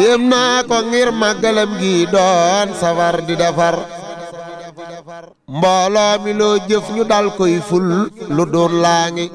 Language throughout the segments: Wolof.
yéem naa ko ngir màggalam gi doon safar di defar mbooloo mi loo jëf ñu dal koy ful lu doon laa ngi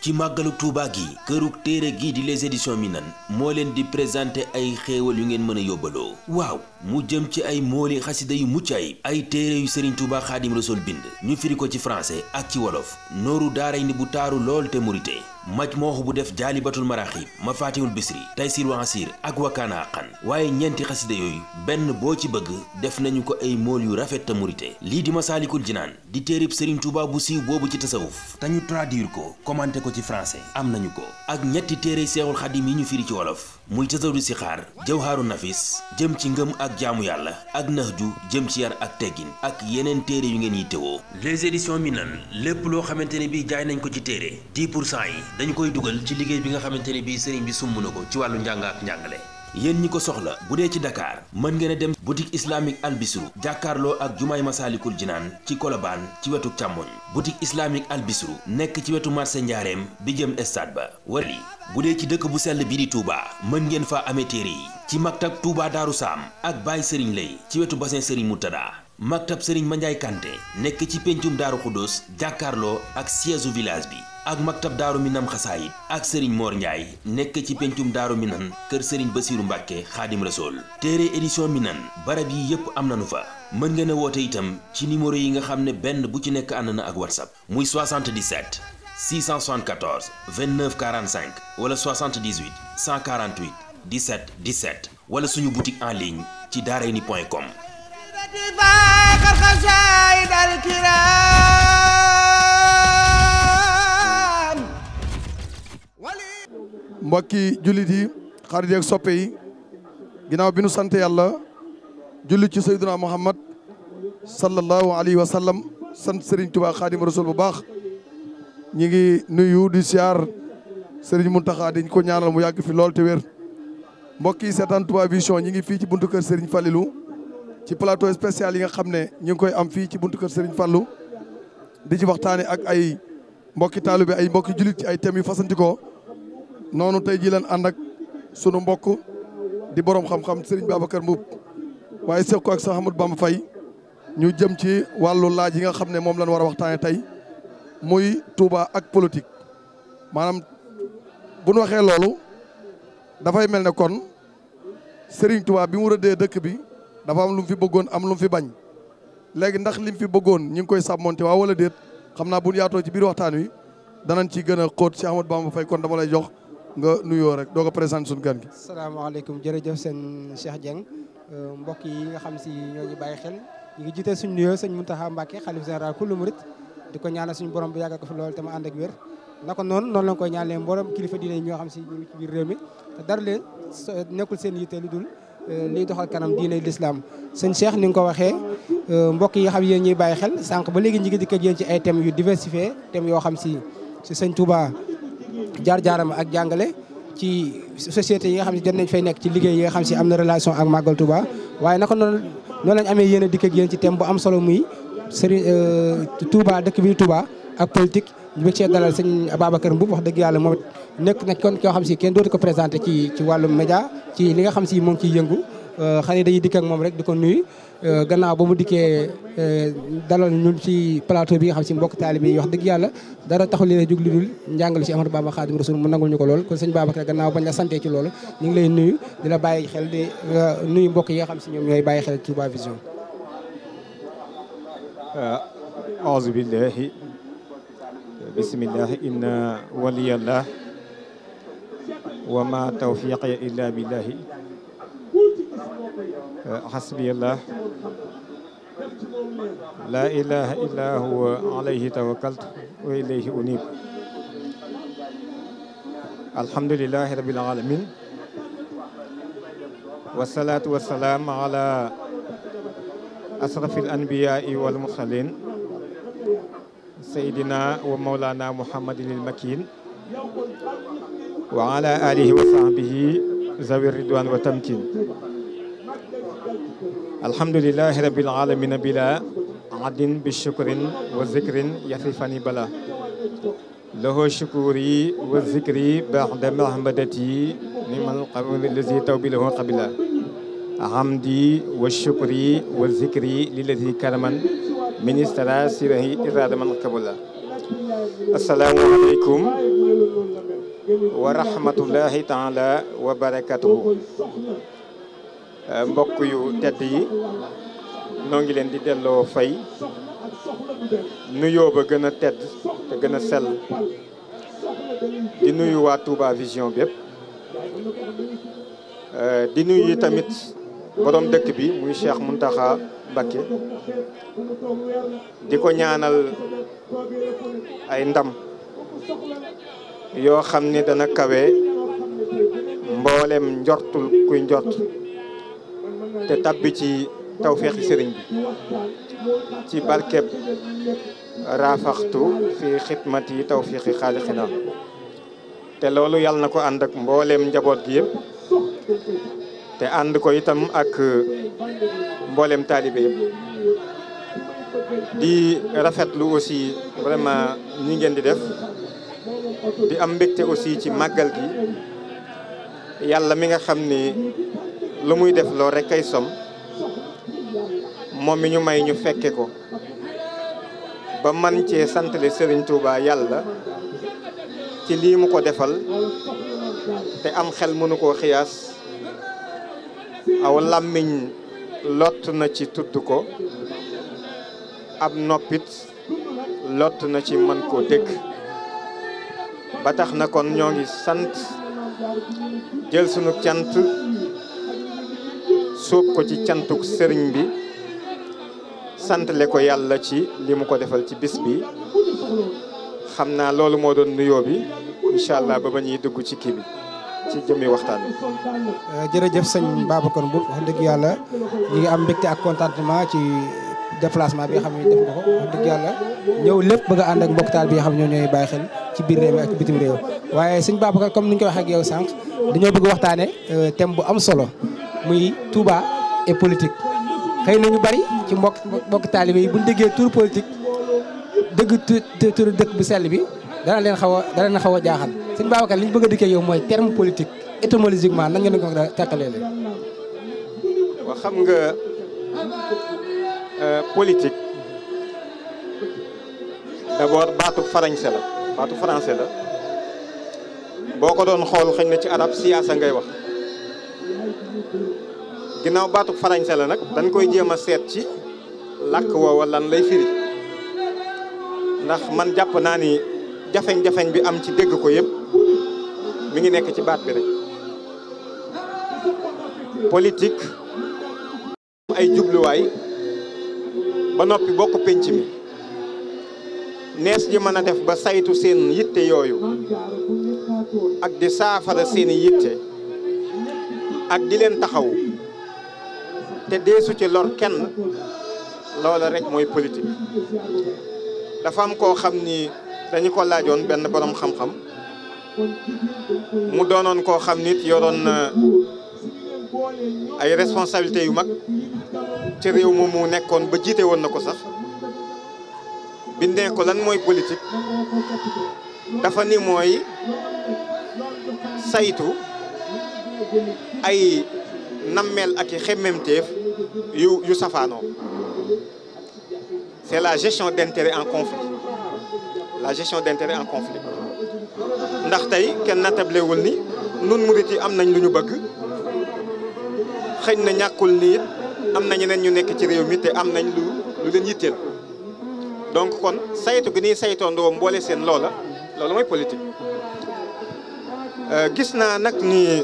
ci màggalu Touba gi kërug téere gii di les éditions nan moo leen di présenté ay xéewal yu ngeen mën a yóbbaloo waaw mu jëm ci ay mooli xasida yu mucc ay ay téere yu Serigne Touba Xaadim Rasul bind ñu firi ko ci français ak ci wolof nooru daaray ni bu taaru lool te murite majmuuxu bu def jaalibatul maraaxib mafaatihul bisri taysiir wa asiir ak wakaana xan waaye ñeenti xasida yooyu benn boo ci bëgg def nañu ko ay mool yu rafet te murite lii di ma masaalikul jinaan di téerib sëriñ Tuuba bu siiw boobu ci tasawuf te ñu traduire ko commenté ko ci français am nañu ko ak ñetti téere seexul xadim yi ñu firi ci wolof muy multazadu si xaar jawharu nafis jëm ci ngëm ak jaamu yàlla ak nahju jëm ci yar ak teggin ak yeneen téere yu ngeen yittewoo les éditions nan lépp loo xamante ne bii jaay nañ ko ci téere di pour cent yi dañ koy dugal ci liggéey bi nga xamante ne bii sëriñ bi sumb na ko ci wàllu njàng ak njàngale yéen ñi ko soxla bu dee ci Dakar mën ngeen a dem boutique islamique albisru jàkkaarloo ak jumaay masaalikul jinaan ci kolobaan ci wetu càmmoñ boutique islamique albisru nekk ci wetu marché njaareem bi jëm stade ba wali bu dee ci dëkk bu sell bi di Touba mën ngeen faa amee téere yi ci maktab Touba Daaru Saam ak Baye Serigne Lay ci wetu bassin Serigne Moutada maktab Serigne Mandiaye Kanté nekk ci pencum Daaru Xuddoos jàkkaarloo ak siège village bi ak maktab daaru minam xasaayit ak sëriñ Mor Ndiaye nekk ci pencum daaru minan kër sëriñ Basiiru Mbàkke xaadim rasool téere édition minan barab yi yépp am nanu fa mën ngeen a woote itam ci numéro yi nga xam ne benn bu ci nekk ànd na ak whatsapp muy 77 674 29 45 wala 78 148 17 17 wala suñu boutique en ligne ci daarayni point com mbokki jullit yi xarit yeeg soppe yi ginnaaw bi nu sant yàlla julli ci sayduna muhammad sallallahu alayhi wa sallam sant Serigne Touba Khadim Rasul bu baax ñi ngi nuyu di siyaar Serigne Mountakha dañ ko ñaanal mu yàgg fi lool te wér mbokk yi seetaan Touba Vision ñi ngi fii ci buntu kër Serigne Fallilou ci plateau spécial yi nga xam ne ñu ngi koy am fii ci buntu kër Serigne Fallou di ci waxtaane ak ay mbokki taalibe ay mbokki jullit ci ay thèmes yu noonu tey jii leen ànd ak sunu mbokk di boroom xam-xam ba Babacar Mbuub waaye seq ko ak Cheikh Ahmadou Bamba fay ñu jëm ci wàllu laaj yi nga xam ne moom lañ war a waxtaanee tey muy Touba ak politique maanaam bu nu waxee loolu dafay mel ne kon Serigne Touba bi mu rëddee dëkk bi dafa am lu fi bëggoon am lu fi bañ leegi ndax li mu fi bëggoon ñu ngi koy sàmmonte waa wala déet xam naa bu ñu yaatoo ci biir waxtaan wi danañ ci gën a xóot Cheikh Ahmadou Bamba Faye kon lay jox. nga nuyoo rek doo ko présenté suñu gan gi. salaamaaleykum jërëjëf seen Cheikh Dieng euh, mbokk yi nga xam si ñoo ñu bàyyi xel ñu ngi jiite suñu nuyoo sëñ Mountakha Mbacké xalif général kullu murit di ko ñaanal suñu borom bi yàggal ko fi loolu te mu ànd ak wér noonu noonu la koy ñaanalee mboolem kilifa diine yi xam si ñu ngi biir réew mi te dara leen nekkul seen yitte lu dul euh, liy doxal kanam diine l'islam sëñ Cheikh ni nga ko waxee euh, mbokk yi xam yéen ñuy bàyyi xel sànq ba léegi ñu ngi dikk ak yéen ci ay thèmes yu diversifié thèmes yoo xam si si sëñ jaar-jaaram ak jàngale ci société yi nga xam ne jot nañ fay nekk ci liggéey yi xam si am na relation ak Magal Touba waaye naka noonu noonu lañ amee yéen a dikk ak ci thème bu am solo muy Serigne euh, Touba dëkk bi Touba ak politique ñu bëgg cee dalal sëñ Ababacar Mboup wax dëgg yàlla moom nekk nag kon koo xam si kenn dootu ko présenté ci ci wàllum média ci li xam si moom ciy yëngu euh, xale day dikk ak moom rek di ko nuyu Euh, gannaaw ba mu dikkee euh, dalal ñun ci plateau bi nga xam si mbokk taalibe yi wax dëgg yàlla dara taxul leen a jóg lu dul njàngal ci Ahmadou Bamba Xaadimu Rasuul mu nangul ñu ko lool kon sëñ Babacar gannaaw bañ la santee ci loolu ñu ngi lay nuyu di la bàyyi xel di euh, nuyu mbokk yi nga xam si ñoom ñooy bàyyi xel Touba Vision aouzu billahi bismillahi inna waliyallah wa ma tawfiqi illa billahi Euh, hasbiyallah laa ilaha illa huwa alayhi tawakkaltu wa ilayhi unib alhamdulilahi rabbil alamin wasalaatu wasalaam ala asrafil anbiyaai wal mursalin sayidina wa maulana muhammadinil makin wa ala alihi wa sahbihi zawir ridwan wa tamkin alhamdulilahi rabbil alamina bila adin bi shukrin wa zikrin yafifani bala lahu shukuri wa zikri ba'da mahmadati nimal qabul lazi tawbilahu qabila hamdi wa shukri wa zikri lillazi karaman ministara sirahi irada man qabula asalaamaaleykum wa rahmatullahi taala wa barakatuhu Euh, mbokk yu tedd yi noo ngi leen di delloo fay nuyoo ba gën a tedd te gën a sell di nuyu waa Touba Vision bépp euh, di nuyu tamit borom dëkk bi muy mun taxa Mbacké di ko ñaanal ay ndam yoo xam ni dana kawe mboolem njortul kuy njort te tabbi ci tawféexi sëriñ bi ci barkeb raafaxtu fi xidmati tawféexi xaalixina te loolu yàlla na ko ànd ak mbooleem njaboot gi yëpp te ànd ko itam ak mbooleem taalibe yëpp di rafetlu aussi vraiment ñi ngeen di def di am mbégte aussi ci màggal gi yàlla mi nga xam ni lu muy def loo rekk kay som moom mi ñu may ñu fekke ko ba man cee santale sëriñ Touba yàlla ci lii mu ko defal te am xel mënu koo xiyaas aw làmmiñ lott na ci tudd ko ab noppit lott na ci mën koo dégg ba tax na kon ñoo ngi sant jël sunu cant sóob ko ci cantuk sëriñ bi santle ko yàlla ci li mu ko defal ci bis bi xam naa loolu moo doon nuyoo bi incha allah ba ba ñuy dugg ci kii bi ci jëmmi waxtaan bi. Euh, jërëjëf sëñ Babacar Mbour wax dëgg yàlla ñu ngi am mbégte ak contentement ci déplacement bi nga xam ne dëgg yàlla ñëw lépp bëgg a ànd ak mbokktaal bi nga xam ne ñoo ñooy bàyyi xel ci biir réew mi ak bitim réew waaye sëñ Babacar comme ni ñu ko waxee ak yow sànq dañoo bëgg waxtaane euh, thème bu am solo. muy Touba e politique xëy na ñu bari ci mbokk mbokk taalibe yi bu ñu déggee tur politique dëgg turu dëkk bu sell bi dana leen xaw a dana leen xaw a jaaxal sëñ Babacar li ñu bëgg a dikkee yow mooy terme politique étymologiquement nan ngeen ko mën a tekkalee leen. waaw xam nga euh, politique d'abord baatu français la baatu français la boo ko doon xool xëy na ci arab siyaasa ngay wax. ginnaaw baatu farañse la nag dañ koy jéem a seet ci làkk woowa lan lay firi ndax man jàpp naa ni jafeñ-jafeñ bi am ci dégg ko yëpp mi ngi nekk ci baat bi rek politique ay jubluwaay ba noppi bokk pénc mi nees ji mën a def ba saytu seen yitte yooyu ak di saafara seeni yitte ak di leen taxaw te deesu ci lor kenn loola rek mooy politique dafa am koo xam ni dañu ko laajoon benn borom xam-xam mu doonoon koo xam nit yoroon na ay responsabilités yu mag ci réew moom mu nekkoon ba jiite woon na ko sax bindee ko lan mooy politique dafa ni mooy saytu ay nammel ak i xemmemteef yu yu safaanoo c'est la gestion d'intérêt en conflit la gestion d'intérêt en conflit ndax tey kenn natablewul ni nun murit yi am nañ lu ñu bëgg xëy na ñàkkul ni it am na ñeneen ñu nekk ci réew mi te am nañ lu lu leen yitteel donc kon saytu gi nii saytoo ndoo mboole seen loola loolu mooy politique euh, gis naa nag ni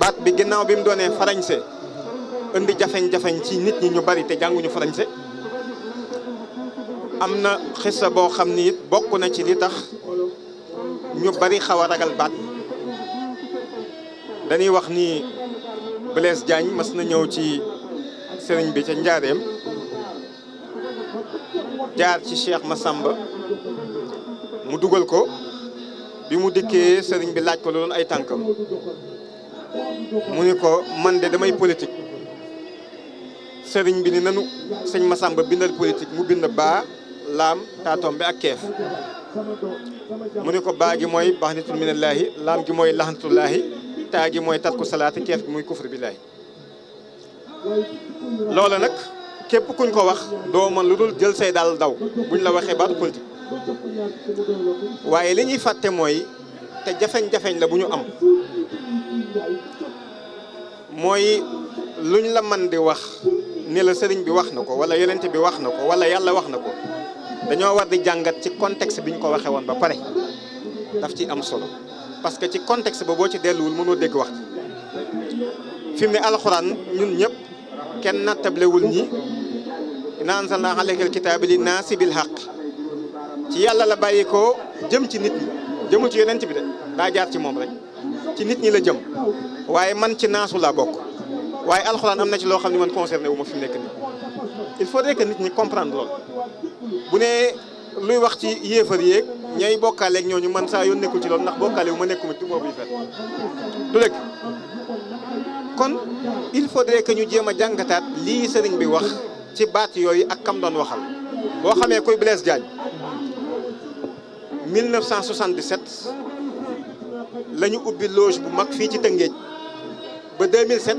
baat bi ginnaaw bi mu doonee farañse indi jafeñ-jafeñ ci nit ñi ñu bari te jànguñu français am na xissa boo xam ni bokk na ci li tax ñu bari xaw a ragal baat dañuy wax ni Blaise jaañ mas na ñëw ci sëriñ bi ca njaareem jaar ci Cheikh sàmba mu dugal ko bi mu dikkee sëriñ bi laaj ko lu doon ay tànkam mu ni ko man de damay politique sëriñ bi ni nanu sëñ Massamba bindal politique mu bind baa laam taatombe ak keef mu ni ko baa gi mooy baxnitul minallaahi laam gi mooy laxantullaahi taa gi mooy tatku salaati keef gi muy kufur billaahi loola nag képp kuñ ko wax doo mën lu dul jël say dal daw buñ la waxee baatu politique waaye li ñuy fàtte mooy te jafeñ-jafeñ la bu ñu am mooy luñ la man di wax ne la sëriñ bi wax na ko wala yonent bi wax na ko wala yàlla wax na ko dañoo war di jàngat ci contexte bi ñu ko waxee woon ba pare daf ci am solo parce que ci contexte ba boo ci delluwul mënoo dégg wax fi mu ne alxuraan ñun ñëpp kenn nattablewul ñi inna anzalna alaykal kitaaba li naasi bil haqq ci yàlla la bàyyi ko jëm ci nit ñi jëmul ci yonent bi de daa jaar ci moom rek ci nit ñi la jëm waaye man ci naasu laa bokk waaye alxuraan am na ci loo xam ne man concerné wu ma fi nekk nii il faudrait que nit ñi comprendre lool bu nee luy wax ci yéefar yéeg ñay ñoo ñu man saa yoon nekkul ci loolu ndax bokkaale wu ma nekkuma ci boobu yi fet du lekk kon il faudrait que ñu jéem a jàngataat lii sëriñ bi wax ci baat yooyu ak kam doon waxal boo xamee koy Blaise Diagne 1977 la ñu ubbi loge bu mag fii ci Tëngéej ba 2007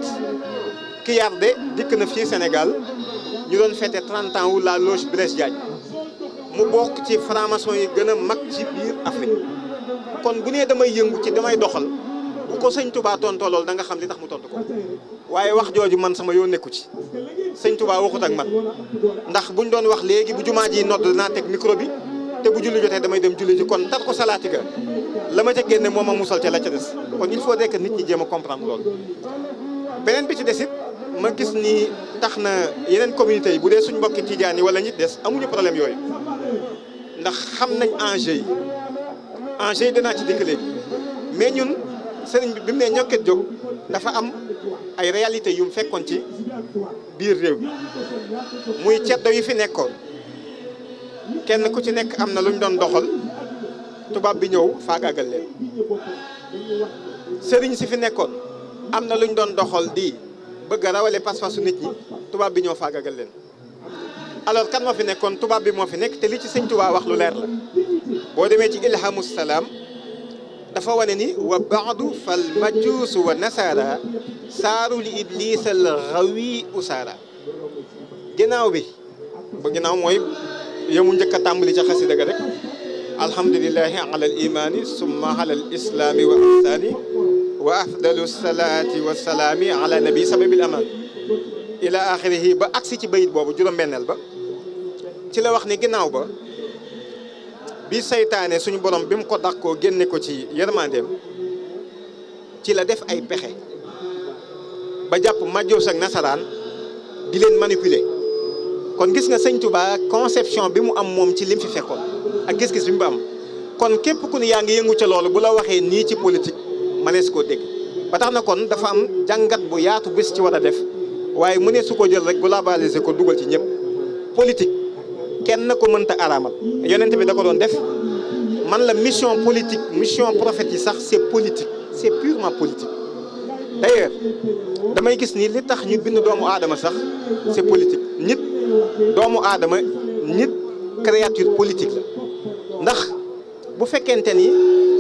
de dikk na fii senegal ñu doon fêté 30 ans wu la loge Blaise Diagne mu bokk ci franc-maçon yi gën a mag ci biir Afrique kon bu nee damay yëngu ci damay doxal bu ko sëñ Touba tontoo lool da nga xam li tax mu tontu ko waaye wax jooju man sama yoo nekku ci sëñ Touba waxut ak man ndax bu buñ doon wax léegi bu jumaa ji nodd naa teg micro bi te bu julli jotee damay dem julli ji kon tar ko salaati ga la ma ca génne moom a musal ca la ca des kon il foo que nit ñi jéem a comprendre loolu beneen bi ci des it ma gis ni tax na yeneen communauté yi bu dee suñ mbokki tiijaan yi wala ñi des amuñu problème yooyu ndax xam nañ enjeu yi enjeu yi danaa ci dikk léegi mais ñun sëriñ bi bi mu nee ñokket jóg dafa am ay réalité yu fekkoon ci biir réew mi muy ceddo yi fi nekkoon kenn ku ci nekk am na lu ñu doon doxal tubaab bi ñëw faagaagal leen sëriñ si fi nekkoon am na luñ doon doxal di bëgg a rawale pas-pasu nit ñi tubaab bi ñoo faagagal leen alors kan moo fi nekkoon tubaab bi moo fi nekk te li ci sëñ Tuubaa wax lu leer la boo demee ci ilhamu salaam dafa wane ni wa baadu fa majuusu wa nasaara saaru li iblis al xawi usaara ginnaaw bi ba ginnaaw mooy yomu njëkk a tàmbali ca xasida ga rek alhamdulilahi ala al imaani islaami wa ihsaani wa afdalu salaati wa salaami ala nabi sababil aman ila axirihi ba agsi ci bayit boobu juróom-benneel ba ci la wax ni ginnaaw ba bi seytaane suñu borom bi mu ko dàqoo génne ko ci yërmandeem ci la def ay pexe ba jàpp majjoos ak nasaraan di leen manipule kon gis nga sëñ Tuba conception bi mu am moom ci lim fi fekkoon ak gis-gis bi mu am kon képp ku ne yaa ngi yëngu ca loolu bu la waxee nii ci politique. mënees koo dégg ba tax na kon dafa am jàngat bu yaatu bés ci war a def waaye mu ne su ko jël rek globaliser ko dugal ci ñëpp politique kenn ko mënta araamal yonent bi da ko doon def man la mission politique mission prophète yi sax c'est politique c'est purement politique d'ailleurs damay gis nii li tax ñu bind doomu aadama sax c'est politique nit doomu aadama nit créature politique la ndax bu fekkente ni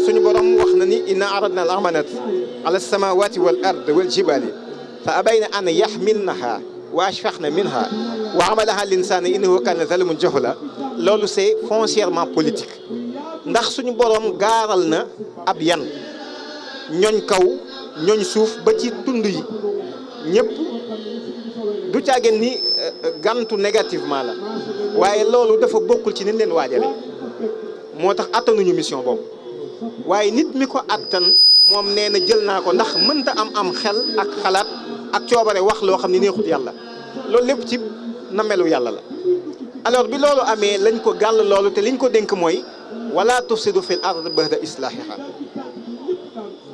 suñu borom wax na ni inna aradna al amanata ala samawati wal ard wal jibali fa abayna an yaxmilnaha wa ashfaqna minha wa amalaha linsaan innahu kaana zalumun jahula loolu c'est foncièrement politique ndax suñu borom gaaral na ab yan ñooñ kaw ñooñ suuf ba ci tund yi ñëpp du caageen ni euh, euh, gantu négativement la waaye loolu dafa bokkul ci ni leen waajale moo tax attanuñu mission boobu waaye nit mi ko attan moom nee na jël naa ko ndax mënta am am xel ak xalaat ak coobare wax loo xam ne neexut yàlla loolu lépp ci namelu yàlla la alors bi loolu amee lañ ko gàll loolu te liñ ko dénk mooy wala tufsidu fil ard ba'da islahiha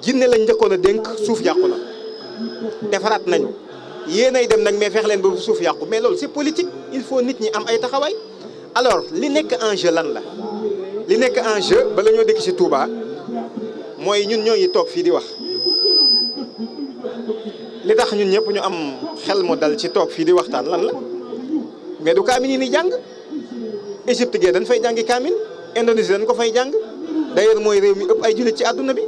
jinne lañ njëkkoon a dénk suuf yàqu na defaraat nañu yéenay dem nag mais feex leen boobu suuf yàqu mais loolu c'est politique il faut nit ñi am ay taxawaay alors li nekk enjeu lan la li nekk en ba bala ñoo dëkk ci Touba mooy ñun ñoo ngi toog fii di wax li tax ñun ñëpp ñu am xel mu dal ci toog fii di waxtaan lan la mais du kaamin yi ni jàng Égypte gee dañ fay jàngi kaamin Indonésie dañ ko fay jàng d'ailleurs mooy réew mi ëpp ay jullit ci àdduna bi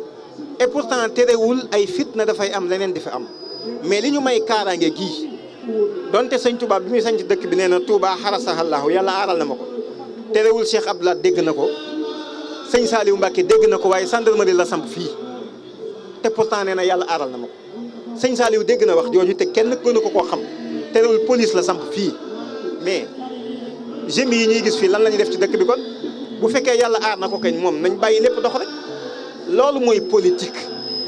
et pourtant terewul ay na dafay am leneen di fa am mais li ñu may kaaraange gi donte sëñ Touba bi muy sañ ci dëkk bi nee na Touba xarasahallahu yàlla aaral na ma ko terewul Cheikh Abdoulaye dégg na ko sëñ Saliou Mbacke dégg na ko waaye gendarmerie la samp fii te pourtant nee na yàlla aaral na ma ko sëñ Saliou dégg na wax jooju te kenn gënu ko koo xam terewul police la samp fii mais jeunes yi ñuy gis fii lan lañu def ci dëkk bi kon bu fekkee yàlla aar na ko kañ moom nañ bàyyi lépp dox rek loolu mooy politique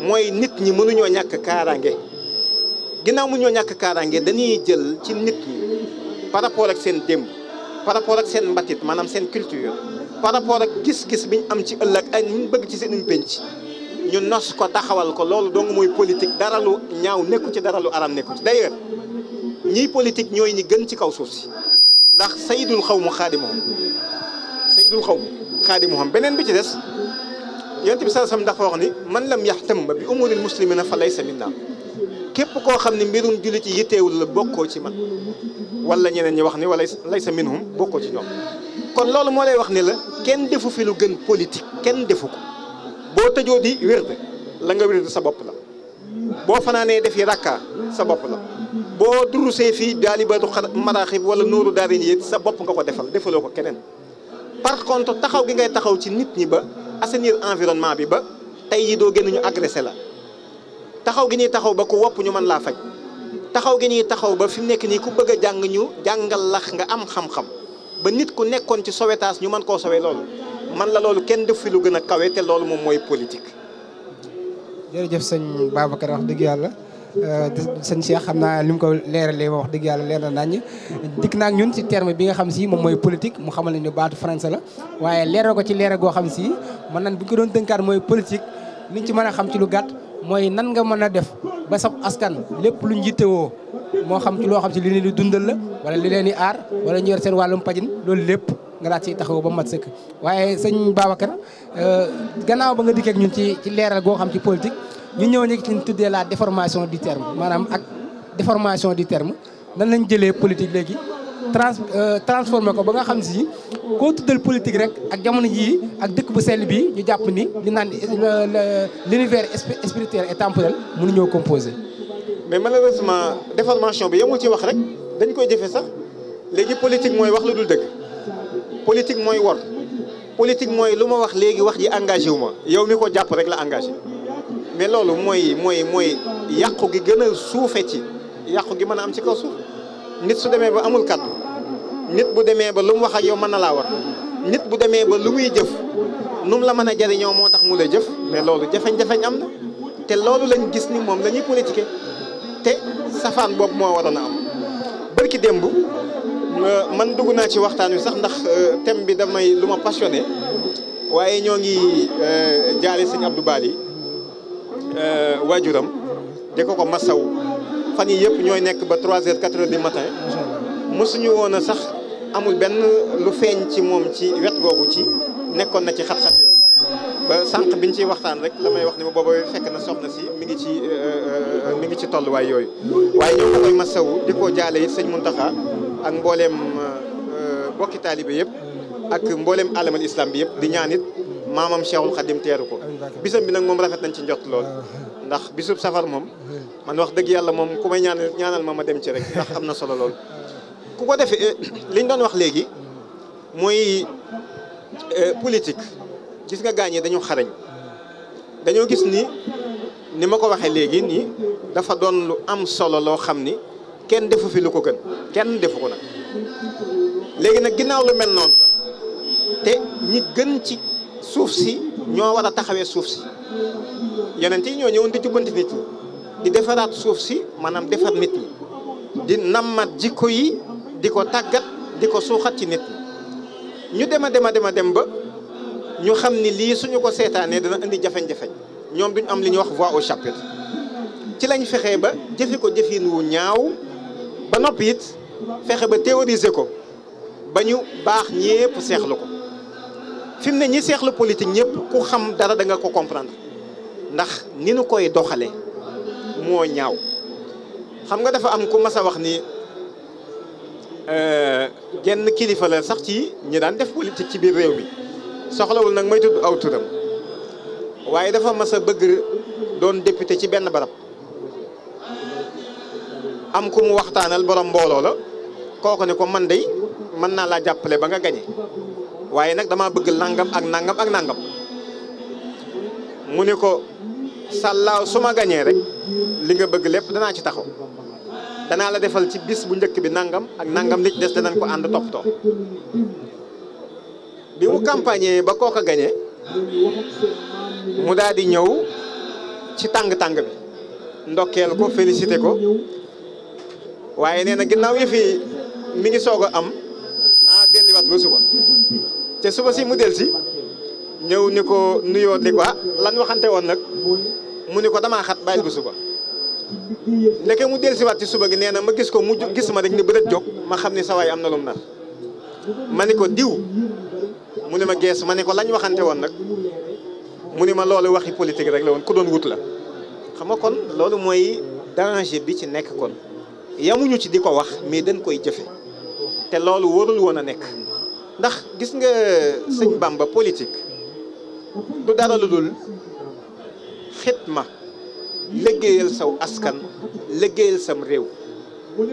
mooy nit ñi mënuñoo ñàkk kaaraange ginnaaw mu ñoo ñàkk kaaraange dañuy jël ci nit ñi par rapport ak seen démb par rapport ak seen mbatit maanaam seen culture par rapport ak gis-gis bi ñu am ci ëllëg ay ñu bëgg ci seen penc ñu nos ko taxawal ko loolu dong mooy politique dara lu ñaaw nekku ci dara lu aram nekku ci d'ailleurs ñiy politique ñooy ñi gën ci kaw suuf si ndax sayidul xaw mu xaadimoom sayidul xaw mu xam beneen bi ci des yonent bi sallallahu alayhi wasallam dafa wax ni man lam yahtam bi umuril muslimina fa laysa minna képp koo xam ne mbirum jullit ci yitteewul la bokkoo ci man wala ñeneen ñi wax ni wala laysa minhum bokkoo ci ñoom kon loolu moo lay wax ni la kenn defu fi lu gën politique kenn defu ko boo tëjoo di wérde la nga wérde sa bopp la boo fanaanee defi rakkaa sa bopp la boo durusee fii daalibaatu maraaxib wala nooru daarin yéet sa bopp nga ko defal defaloo ko keneen par contre taxaw gi ngay taxaw ci nit ñi ba assainir environnement bi ba tey yi doo génn ñu agressé la taxaw gi ñuy taxaw ba ku wopp ñu mën laa faj taxaw gi ñuy taxaw ba fi mu nekk nii ku bëgg a jàng ñu jàngal lax nga am xam ba nit ku nekkoon ci sauvetage ñu man koo sauvé loolu man la loolu kenn def fi lu gën a kawe te loolu moom mooy politique. jërëjëf sëñ Babacar wax dëgg yàlla euh, sëñ Cheikh xam naa ni mu ko leeralee wax dëgg yàlla leer na ñi dikk naa ñun ci terme bi nga xam si moom mooy politique mu xamal ne baatu français la waaye leeral ko ci leeral goo xam si man nan bi ñu ko doon tënkaat mooy politique liñ ci mën a xam ci lu gàtt mooy nan nga mën a def ba sab askan lépp lu njiitewoo moo xam ci loo xam ci li leen lu dundal la wala li leen di aar wala ñu yor seen wàllum pajin loolu lépp nga daal ciy taxaw ba mat sëkk. waaye sëñ Babacar euh, gannaaw ba nga dikkee ñu ci ci leeral goo xam ci politique ñu ñëw ñu ci tuddee la déformation du terme maanaam ak déformation du terme nan lañ jëlee politique léegi. trans euh, transformé ko ba nga xam si koo tuddal politique rek ak jamono jii ak dëkk bu sell bi ñu jàpp ni li naan euh, l'univers spirituel et temporel mënuñoo composé. mais malheureusement déformation bi yemul ci wax rek dañ koy jëfe sax léegi politique mooy wax lu dul dëgg politique mooy wor politique mooy lu ma wax léegi wax ji engagé wu ma yow mi ko jàpp rek la engage mais loolu mooy mooy mooy yàqu gi gën a suufe ci yàqu gi mën a am ci kaw suuf nit su demee ba amul kàddu nit bu demee ba lu mu wax ak yow mën na laa war nit bu demee ba lu muy jëf nu mu la mën a jariñoo moo tax mu la jëf mais loolu jafeñ-jafeñ am na te loolu lañ gis ni moom la ñuy politiquer te safaan boobu moo waroon a am bërki démb euh, man dugg naa ci waxtaan wi sax ndax euh, thème bi damay lu ma passionné waaye ñoo ngi euh, jaale sëñ Abdou Bali waajuram di ko ko masaw fan yi yëpp ñooy nekk ba 3 heures 4 heures du matin mosuñu woon a sax amul benn lu feeñ ci moom ci wet googu ci nekkoon na ci xat-xat ba bi biñ ciy waxtaan rek la may wax ni ma booba fekk na soxna si mi ngi ci euh, euh, euh, mi ngi ci tolluwaay yooyu waaye ñoo ko koy masawu di ko jaale it sëñ Muntaxa ak mbooleem bokki taalibe yëpp ak mbooleem alamal islam bi yëpp di ñaan it maamam Cheikhul Khadim teeru ko bisam bi nag moom rafet nañ ci njot lool ndax bisub safar moom man wax dëgg yàlla moom ku may ñaanal ñaanal ma ma dem ci rek ndax am na solo lool ku ko defee liñ doon wax léegi mooy politique gis nga gaañee dañu xarañ dañoo gis ni ni ma ko waxee léegi nii dafa doon lu am solo loo xam ni kenn defu fi lu ko gën kenn defu ko nag léegi nag ginnaaw lu mel noonu la te ñi gën ci suuf si ñoo war a taxawee suuf si yeneen yi ñoo ñëwoon di jubbanti nit ñi di defaraat suuf si maanaam defar nit ñi di nammat jikko yi di ko tàggat di ko suuxat ci nit ñi ñu dema dema dema dem ba ñu xam ni lii suñu ko seetaanee dana indi jafeñ-jafeñ ñoom duñu am li ñuy wax voix au chapitre ci lañ fexe ba jëfe ko jëfin wu ñaaw ba noppi it fexe ba théoriser ko ba ñu baax ñépp seexlu ko fi ne ñi seexlu politique ñépp ku xam dara danga ko comprendre ndax ni nu koy doxale moo ñaaw xam nga dafa am ku masa wax ni euh, genn kilifa la sax ci ñi daan def politique ci biir réew mi soxlawul nag may tudd aw turam waaye dafa mas bëgg doon député ci benn barab am ku mu waxtaanal borom mbooloo la kooku ne ko man dey mën naa laa jàppale ba nga gañe waaye nag dama bëgg nangam ak nangam ak nangam mu ne ko sàllaaw su ma gañee rek li nga bëgg lépp danaa ci taxaw danaa la defal ci bis bu njëkk bi nangam ak nangam li ci des danañ ko ànd toppatoo bi mu campagne ba kooka gañee mu daal di ñëw ci tàng-tàng bi ndokkeel ko félicité ko waaye nee na ginnaaw yi fi mi ngi soog a am naa delliwaat ba suba te suba si mu del si ñëw ni ko nuyoo di ko ah, lan waxante woon nag mu ni ko damaa xat bàyyil bu suba ndeke mu del siwaat ci suba gi nee na ma gis ko mu gis ma rek ni bërët jóg ma xam ni sawaay am na lum nar ma ni ko diw mu ne ma gees ma ne ko lañ waxante woon nag mu ne ma loolu waxi politique rek la woon ku doon wut la xam nga kon loolu mooy danger bi ci nekk kon ci di ko wax mais dañ koy jëfe te loolu warul woon a nekk ndax gis nga sëñ Bamba politique du dara lu dul xitma liggéeyal saw askan liggéeyal sam réew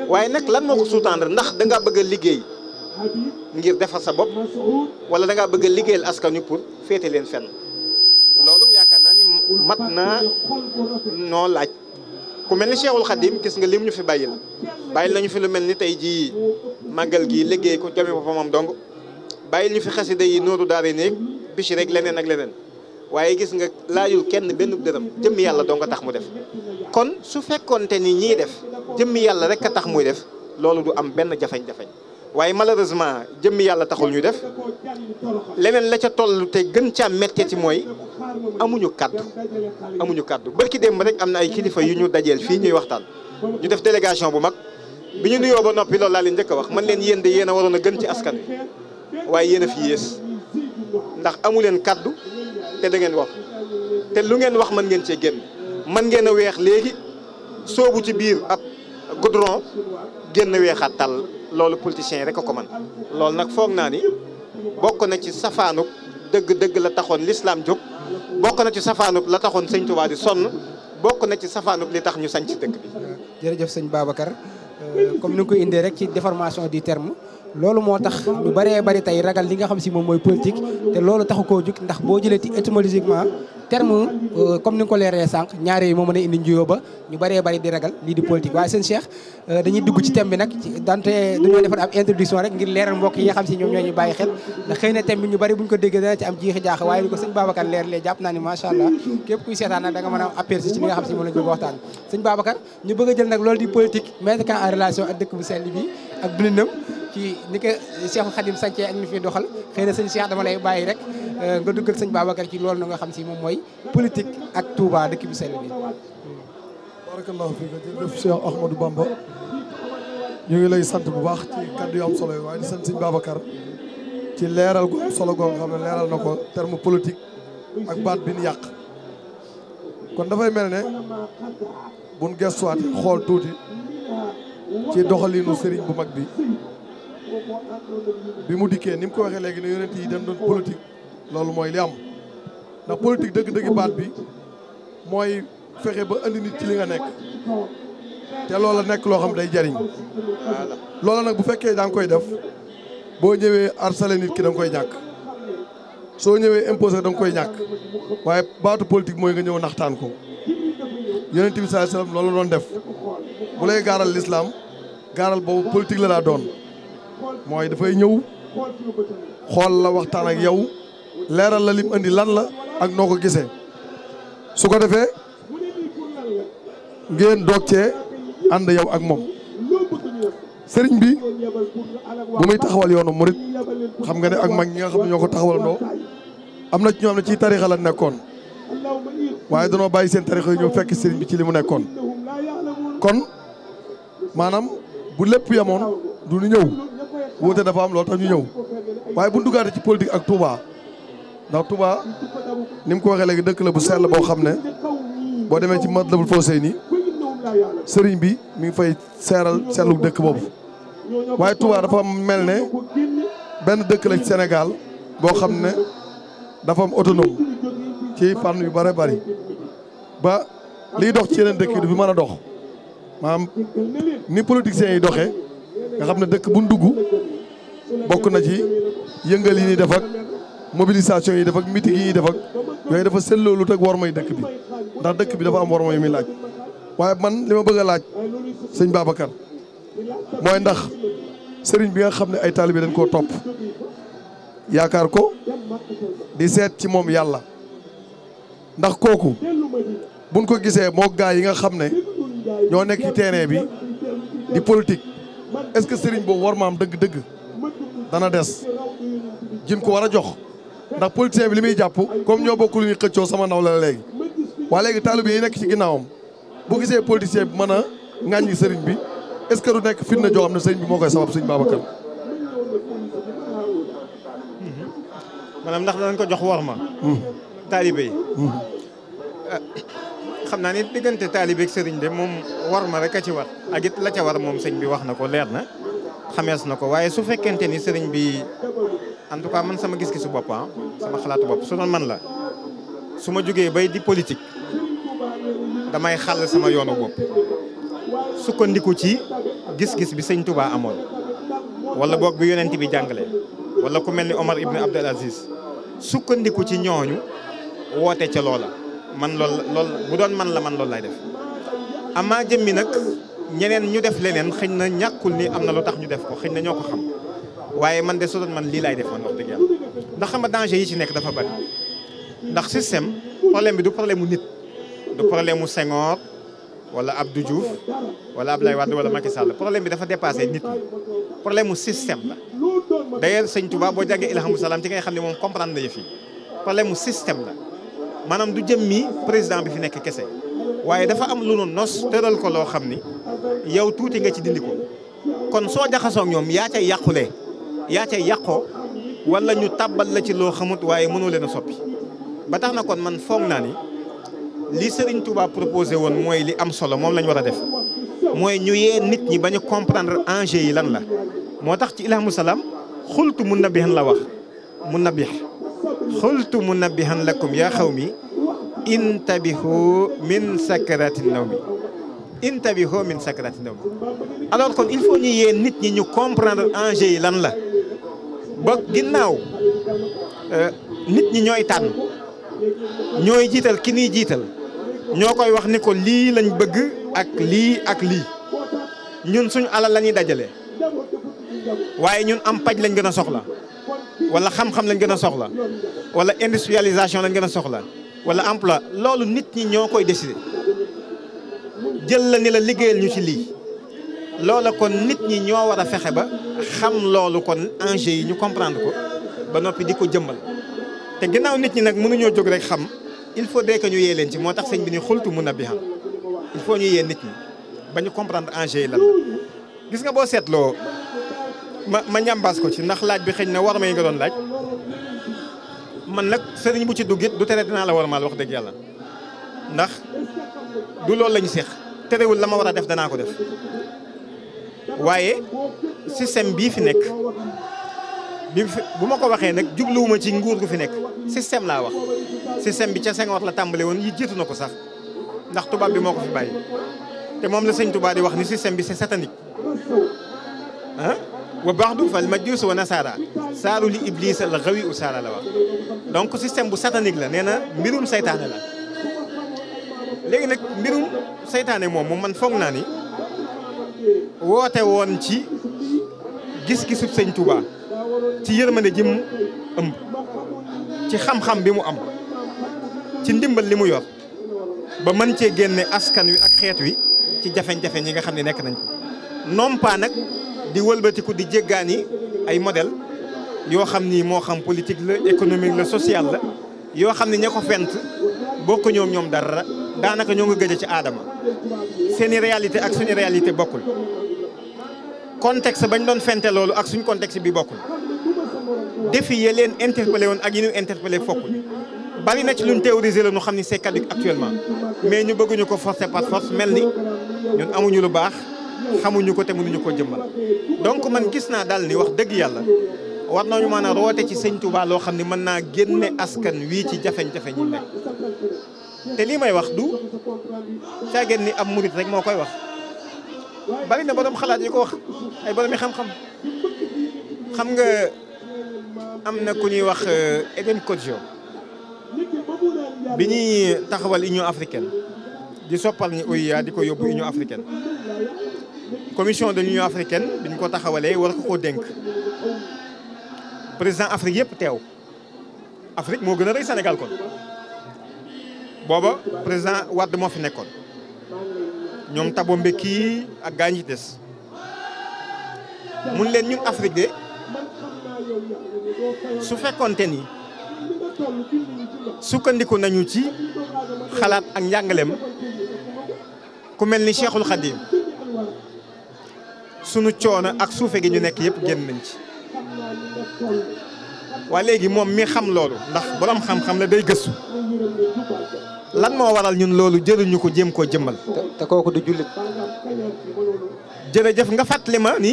waaye nag lan moo ko sous-tendre ndax da nga bëgg liggéey ngir defar sa bopp wala da ngaa bëgg a liggéeyal askan wi pour féete leen fenn loolu yaakaar naa ni mat naa noo laaj ku mel ni Cheikhul Khadim gis nga lim ñu fi bàyyil la bàyyi lañu fi lu mel ni tey jii màggal gi liggéey ko jame boppam moom dong bàyyi ñu fi xasida yi nooru daare néeg bisi rek leneen ak leneen waaye gis nga laajul kenn benn dërëm jëmmi yàlla dong nga mu def kon su fekkoonte ni ñiy def jëmmi yàlla rek a tax muy def loolu du am benn jafañ-jafañ waaye malheureusement jëmm yàlla taxul ñu def leneen la ca toll te gën caa méttee ci mooy amuñu kàddu amuñu kàddu bërki démb rek am na ay kilifa yu ñu dajeel fii ñuy waxtaan ñu def délégation bu mag bi ñu nuyoo ba noppi loolu laa leen njëkk a wax man leen yéen de yéen a waroon a gën ci askan wi waaye yéen a fi yées ndax amu leen kàddu te da wax te lu ngeen wax man ngeen cee génn man ngeen a weex léegi soobu ci biir ab goudron génn weexaat tàll loolu politiciens rek a ko man loolu nag foog naa ni bokk na ci safaanub dëgg-dëgg la taxoon lislaam jóg bokk na ci safaanub la taxoon sëñ Tuubaa di sonn bokk na ci safaanub li tax ñu sañ ci dëkk bi. jërëjëf sëñ Babacar euh, comme ni ko indee rek ci déformation di terme. loolu moo tax lu bëree bari tey ragal li nga xam si moom mooy politique te loolu taxu koo jug ndax boo jëlee ci étymologiquement terme euh, comme ni nga ko leeree sànq ñaare yi moo mën a indi njuyoo ba ñu bëree bëri di ragal lii di politique waaye seen Cheikh euh, dañuy dugg ci thème bi nag dante defar ab introduction rek ngir leeral mbokk yi si ñoom ñoo ñu bàyyi xel xëy na thème ñu bëri bu ko déggee dana ci am jiixi jaax waaye li ko leer lee jàpp naa ni allah képp kuy seetaan nag da am aperçu ci li nga si moom la ñu waxtaan sëñ Babacar ñu bëgg jël nag loolu di politique ci ni ko Cheikhul Khadim sàncee ak ñu fi doxal xëy na sëñ dama lay bàyyi rek euh, nga dugg ak sëñ Babacar ci loolu na nga xam si moom mooy politique ak Touba dëkk bi sell bi. barakallahu fiik Bamba ñu ngi lay sant bu baax ci kàddu yu am solo yi waaye di sant sëñ Babacar ci leeral solo goo xam ne leeral na ko terme politique ak baat bi ñu yàq kon dafay mel ne buñ gestuwaat xool tuuti ci doxaliinu sëriñ bu mag bi bi mu dikkee ni mu ko waxee léegi ne yonent yi dañ doon politique loolu mooy li na ndax politique dëgg-dëgg baat bi mooy fexe ba andi ci li nga nekk te loola nekk loo xam day jariñ loola nag bu fekkee da nga koy def boo ñëwee arsale nit ki da nga koy ñàkk soo ñëwee imposé da nga koy ñàkk waaye baatu politique mooy nga ñëw naxtaan ko yonent bi sallallahu alayhi wasallam loolu doon def bu lay gaaral lislaam gaaral boobu politique la daa doon mooy dafay ñëw xool la waxtaan ak yow leeral la lim andi lan la ak noo ko gisee su ko defee ngeen doog cee ànd yow ak moom sëriñ bi bu muy taxawal yoonu murit xam nga ne ak mag ñi nga ñoo ko taxawal ndoo am na ci ñoo xam ne ci tarixa la nekkoon waaye danoo bàyyi seen tarixa yi ñëw fekk sëriñ bi ci li mu nekkoon kon maanaam bu lépp yamoon du ñu ñëw wuute dafa am loolu tax ñëw waaye bu ñu ci politique ak Touba ndax Touba nim mu ko waxee léegi dëkk la bu seer la boo xam ne boo demee ci Matlabul ni sëriñ bi mi ngi fay seeral sellu dëkk boobu. waaye Touba dafa mel ne benn dëkk la ci boo xam ne dafa am autonome ci fànn yu bare bari ba liy dox ci yeneen dëkk yi du fi mën a dox maanaam ni politiciens yi doxee. nga xam ne dëkk bun dugg bokk na ci yëngal yi ñuy yi def ak meeting yi ñuy yooyu dafa selloolu teg war may dëkk bi ndax dëkk bi dafa am war may muy laaj waaye man li ma bëgg laaj sëñ Babacar mooy ndax sëriñ bi nga xam ne ay taalibe dañ koo topp yaakaar ko di seet ci moom yàlla ndax kooku buñ ko gisee moo gaa yi nga xam ne ñoo nekk ci terrain bi di politique est-ce que sëriñ boobu war maam dëgg-dëgg dana des jin ko war a jox ndax politicien bi li muy jàpp comme ñoo bokk lu ñuy xëccoo sama ndaw la léegi waa léegi taalibe yi nekk ci ginnaawam bu gisee politicien bi mën a ŋàññi sëriñ bi est-ce que du nekk fitna joo xam ne sëriñ bi moo koy sabab sëriñ Babacar maanaam ndax danañ ko jox war ma hmm. taalibe xam naa ne diggante taalibe ak sëriñ de moom war ma rek a ci war ak la ca war moom sëñ bi wax na ko leer na xamees na ko waaye su fekkente ni sëriñ bi en tout cas man sama gis-gisu bopp ah, sama xalaatu bopp su doon man la su ma jógee bay di politique damay xal sama yoonu bopp sukkandiku ci gis-gis bi sëñ Touba amoon wala boog bi yonent bi jàngale wala ku mel ni Omar Ibn Abdel Aziz sukkandiku ci ñooñu woote ca loola. man lool lool bu doon man la man loolu laay def amaa jëmmi nag ñeneen ñu def leneen xëñ na ñàkkul ni am na lu tax ñu def ko xëñ na ñoo ko xam waaye man de su doon man lii laay def man wax dëgg yàlla ndax xam nga danger yi ci nekk dafa bari ndax système problème bi du problème mu nit du problème mu Senghor wala du Diouf wala Abdoulaye Wade wala Macky Sall problème bi dafa dépassé nit ñi problème mu système la d'ailleurs sëñ Touba boo jàngee ilhamu salaam ci ngay xam ne moom comprendre na yëf yi problème mu système la maanaam du jëm mi président bi fi nekk kese waaye dafa am lu nu nos tëral ko loo xam ni yow tuuti nga ci dindi ko kon soo jaxasoo ñoom yaa cay yàqule yaa cay yàqoo wala ñu tàbbal la ci loo xamut waaye mënoo leen a soppi ba na kon man foog naa ni li sëriñ Touba proposé woon mooy li am solo moom la war a def mooy ñu yee nit ñi ba ñu comprendre enjeu yi lan la moo tax ci ilhamu salaam xultu mun na bixen la wax mun na bix xultu munabbihan lakum yaa xawmi intabihoo min sakarati nawmi intabihoo min sakarati nawmi alors kon il faut ñu yee nit ñi ñu comprendre enjeu yi lan la ba ginnaaw euh, nit ñi ñooy tànn ñooy jiital ki ñuy jiital ñoo koy wax ni ko lii lañ bëgg ak lii ak lii ñun suñu alal lañuy dajale waaye ñun am paj lañ gën a soxla wala xam-xam lañ gën a soxla wala industrialisation la gën a soxla wala emploi loolu nit ñi ñoo koy décider jël la ni la liggéeyal ñu ci lii loola kon nit ñi ñoo war a fexe ba xam loolu ko enjeu yi ñu comprendre ko ba noppi di ko jëmmal te ginnaaw nit ñi nag mënuñoo jóg rek xam il faut que ñu yee leen ci moo tax sëñ bi ni xultu mun a bi xam il faut ñu yee nit ñi ba ñu comprendre enjeu yi lan gis nga boo seetloo ma ma ñambaas ko ci ndax laaj bi xëñ na war may nga doon laaj man nag sëriñ bu ci duggit du tere dinaa la warmaal wax dëgg yàlla ndax du loolu lañu seex terewul la ma war a def danaa ko def waaye système bii fi nekk bi bu ma ko waxee nag jubluwuma ci nguur gu fi nekk système laa wax système bi ca Senghor la tàmbale woon yi jiitu na ko sax ndax tubaab bi moo ko fi bàyyi te moom la sëñ Tuubaa di wax ni système bi c'est satanique wa baxdu fal majus wa nasara saaru li iblis al xawi u saara la wax donc système bu satanique la neena na mbirum saytaane la léegi nag mbirum seytaane moom moom man foog naa ni woote woon ci gis-gisub sëñ Touba ci yërmande ji mu ëmb ci xam-xam bi mu am ci ndimbal li mu yor ba mën cee génne askan wi ak xeet wi ci jafe-jafe yi nga xam ne nekk nañ ko non di wëlbatiku di jéggaani ay modèle yoo xam ni moo xam politique la économique la social la yoo xam ni ña ko fent bokk ñoom ñoom dara daanaka ñoo ngi gëj ci aadama seeni réalité ak suñu réalité bokkul contexte bañ doon fente loolu ak suñ contexte bi bokkul défi leen interpellé woon ak yi ñu interpellé fokkul bari na ci luñ théoriser la ñu xam ni c'est caduc actuellement mais ñu bëgguñu ko forcer par force mel ni ñun amuñu lu baax xamuñu ko te mënuñu ko jëmmal donc man gis naa daal ni wax dëgg yàlla war nañu mën a roote ci sëñ Touba loo xam ne mën naa génne askan wii ci jafe-jafe ñi nekk te lii may wax du caageen ni am murit rek moo koy wax bari na borom xalaat yi ko wax ay borom yi xam-xam nga am na ku ñuy wax euh, Eden Kodjo bi ñuy taxawal ñu africaine di soppal ñi OUA di ko yóbbu Union africaine commission de l'union africaine bi ñu ko taxawalee war ko koo dénk président Afrique yëpp teew Afrique moo gën a rëy senegal kon booba président Wade moo fi nekkoon ñoom Thabo Mbeki ak gaañ ci des mun leen ñun Afrique de su fekkoonte ni sukkandiku nañu ci xalaat ak njàngaleem ku mel ni Cheikhul Khadim sunu coono ak suufe gi ñu nekk yëpp génn nañ ci waa léegi moom mi xam loolu ndax borom xam-xam la day gëstu lan moo waral ñun loolu jëluñu ko jéem koo jëmmal. te kooku du jullit. jërëjëf nga fàttali ma ni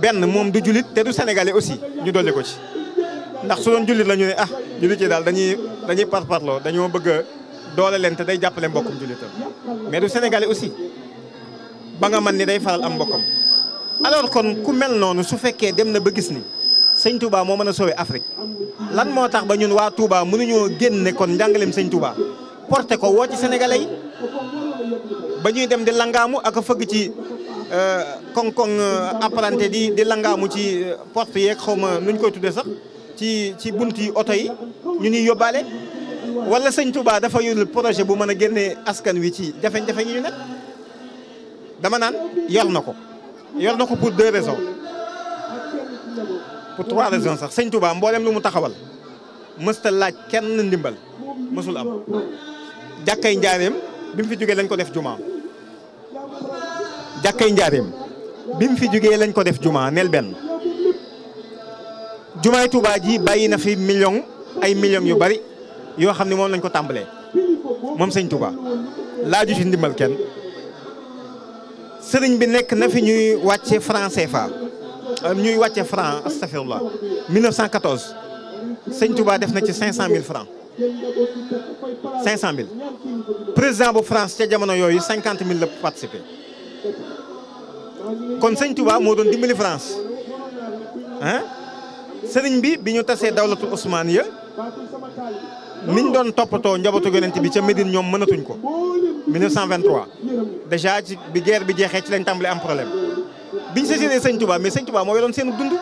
benn moom du jullit te du sénégalais aussi ñu dolli ko ci ndax su doon jullit la ñu ne ah ñu jullit yi daal dañuy dañuy parparloo dañoo bëgg doole leen te day jàppale mbokkum jullitam mais du sénégalais aussi ba nga man ni day faral am mbokkam. alors kon ku mel noonu su fekkee dem na ba gis ni sëñ Touba moo mën a sauver Afrique lan moo tax ba ñun waa Touba mënuñoo génne kon njàngaleem sëñ Touba porté ko woo ci sénégalais yi ba ñuy dem di langaamu ak a fëgg ci euh, koŋ-koŋ euh, apparenté di di langaamu ci euh, porte yee xaw ma nuñ koy tuddee sax ci ci bunt yi oto yi ñu ñuy yóbbaale walla sëñ Touba dafa yor projet bu mën a génnee askan wi ci jafe-jafe yi ñu nekk dama naan yor na ko. yor na ko pour deux raisons pour trois raisons sax sañ Touba mboolem lu mu taxawal mësta laaj kenn ndimbal mësul am jàkkay njaareem bi mu fi jógee lañ ko def jumaa jàkkay njaareem bi mu fi jógee lañ ko def jumaa neel benn jumaay Touba ji bàyyi na fi million ay million yu bari yoo xam ne moom lañ ko tàmbalee moom sëñ Touba laaju ci ndimbal kenn sëriñ bi nekk na fi ñuy wàcce fa CFA euh, ñuy wàcce franc astafirullah 1914 sëñ Touba def na ci 500000 francs 500000 président bu France ca jamono yooyu 50000 la participé kon sëñ Touba moo doon dimbali France ah sëriñ bi bi ñu tasee dawlatul Ousmane ya niñ doon toppatoo njabootu yonent bi ca Médine ñoom mënatuñ ko 1923 déjà ci bi guerre bi jeexee ci lañ tàmbali am problème biñ sesine sëñ Touba mais sëñ Touba moo yoroon seen dund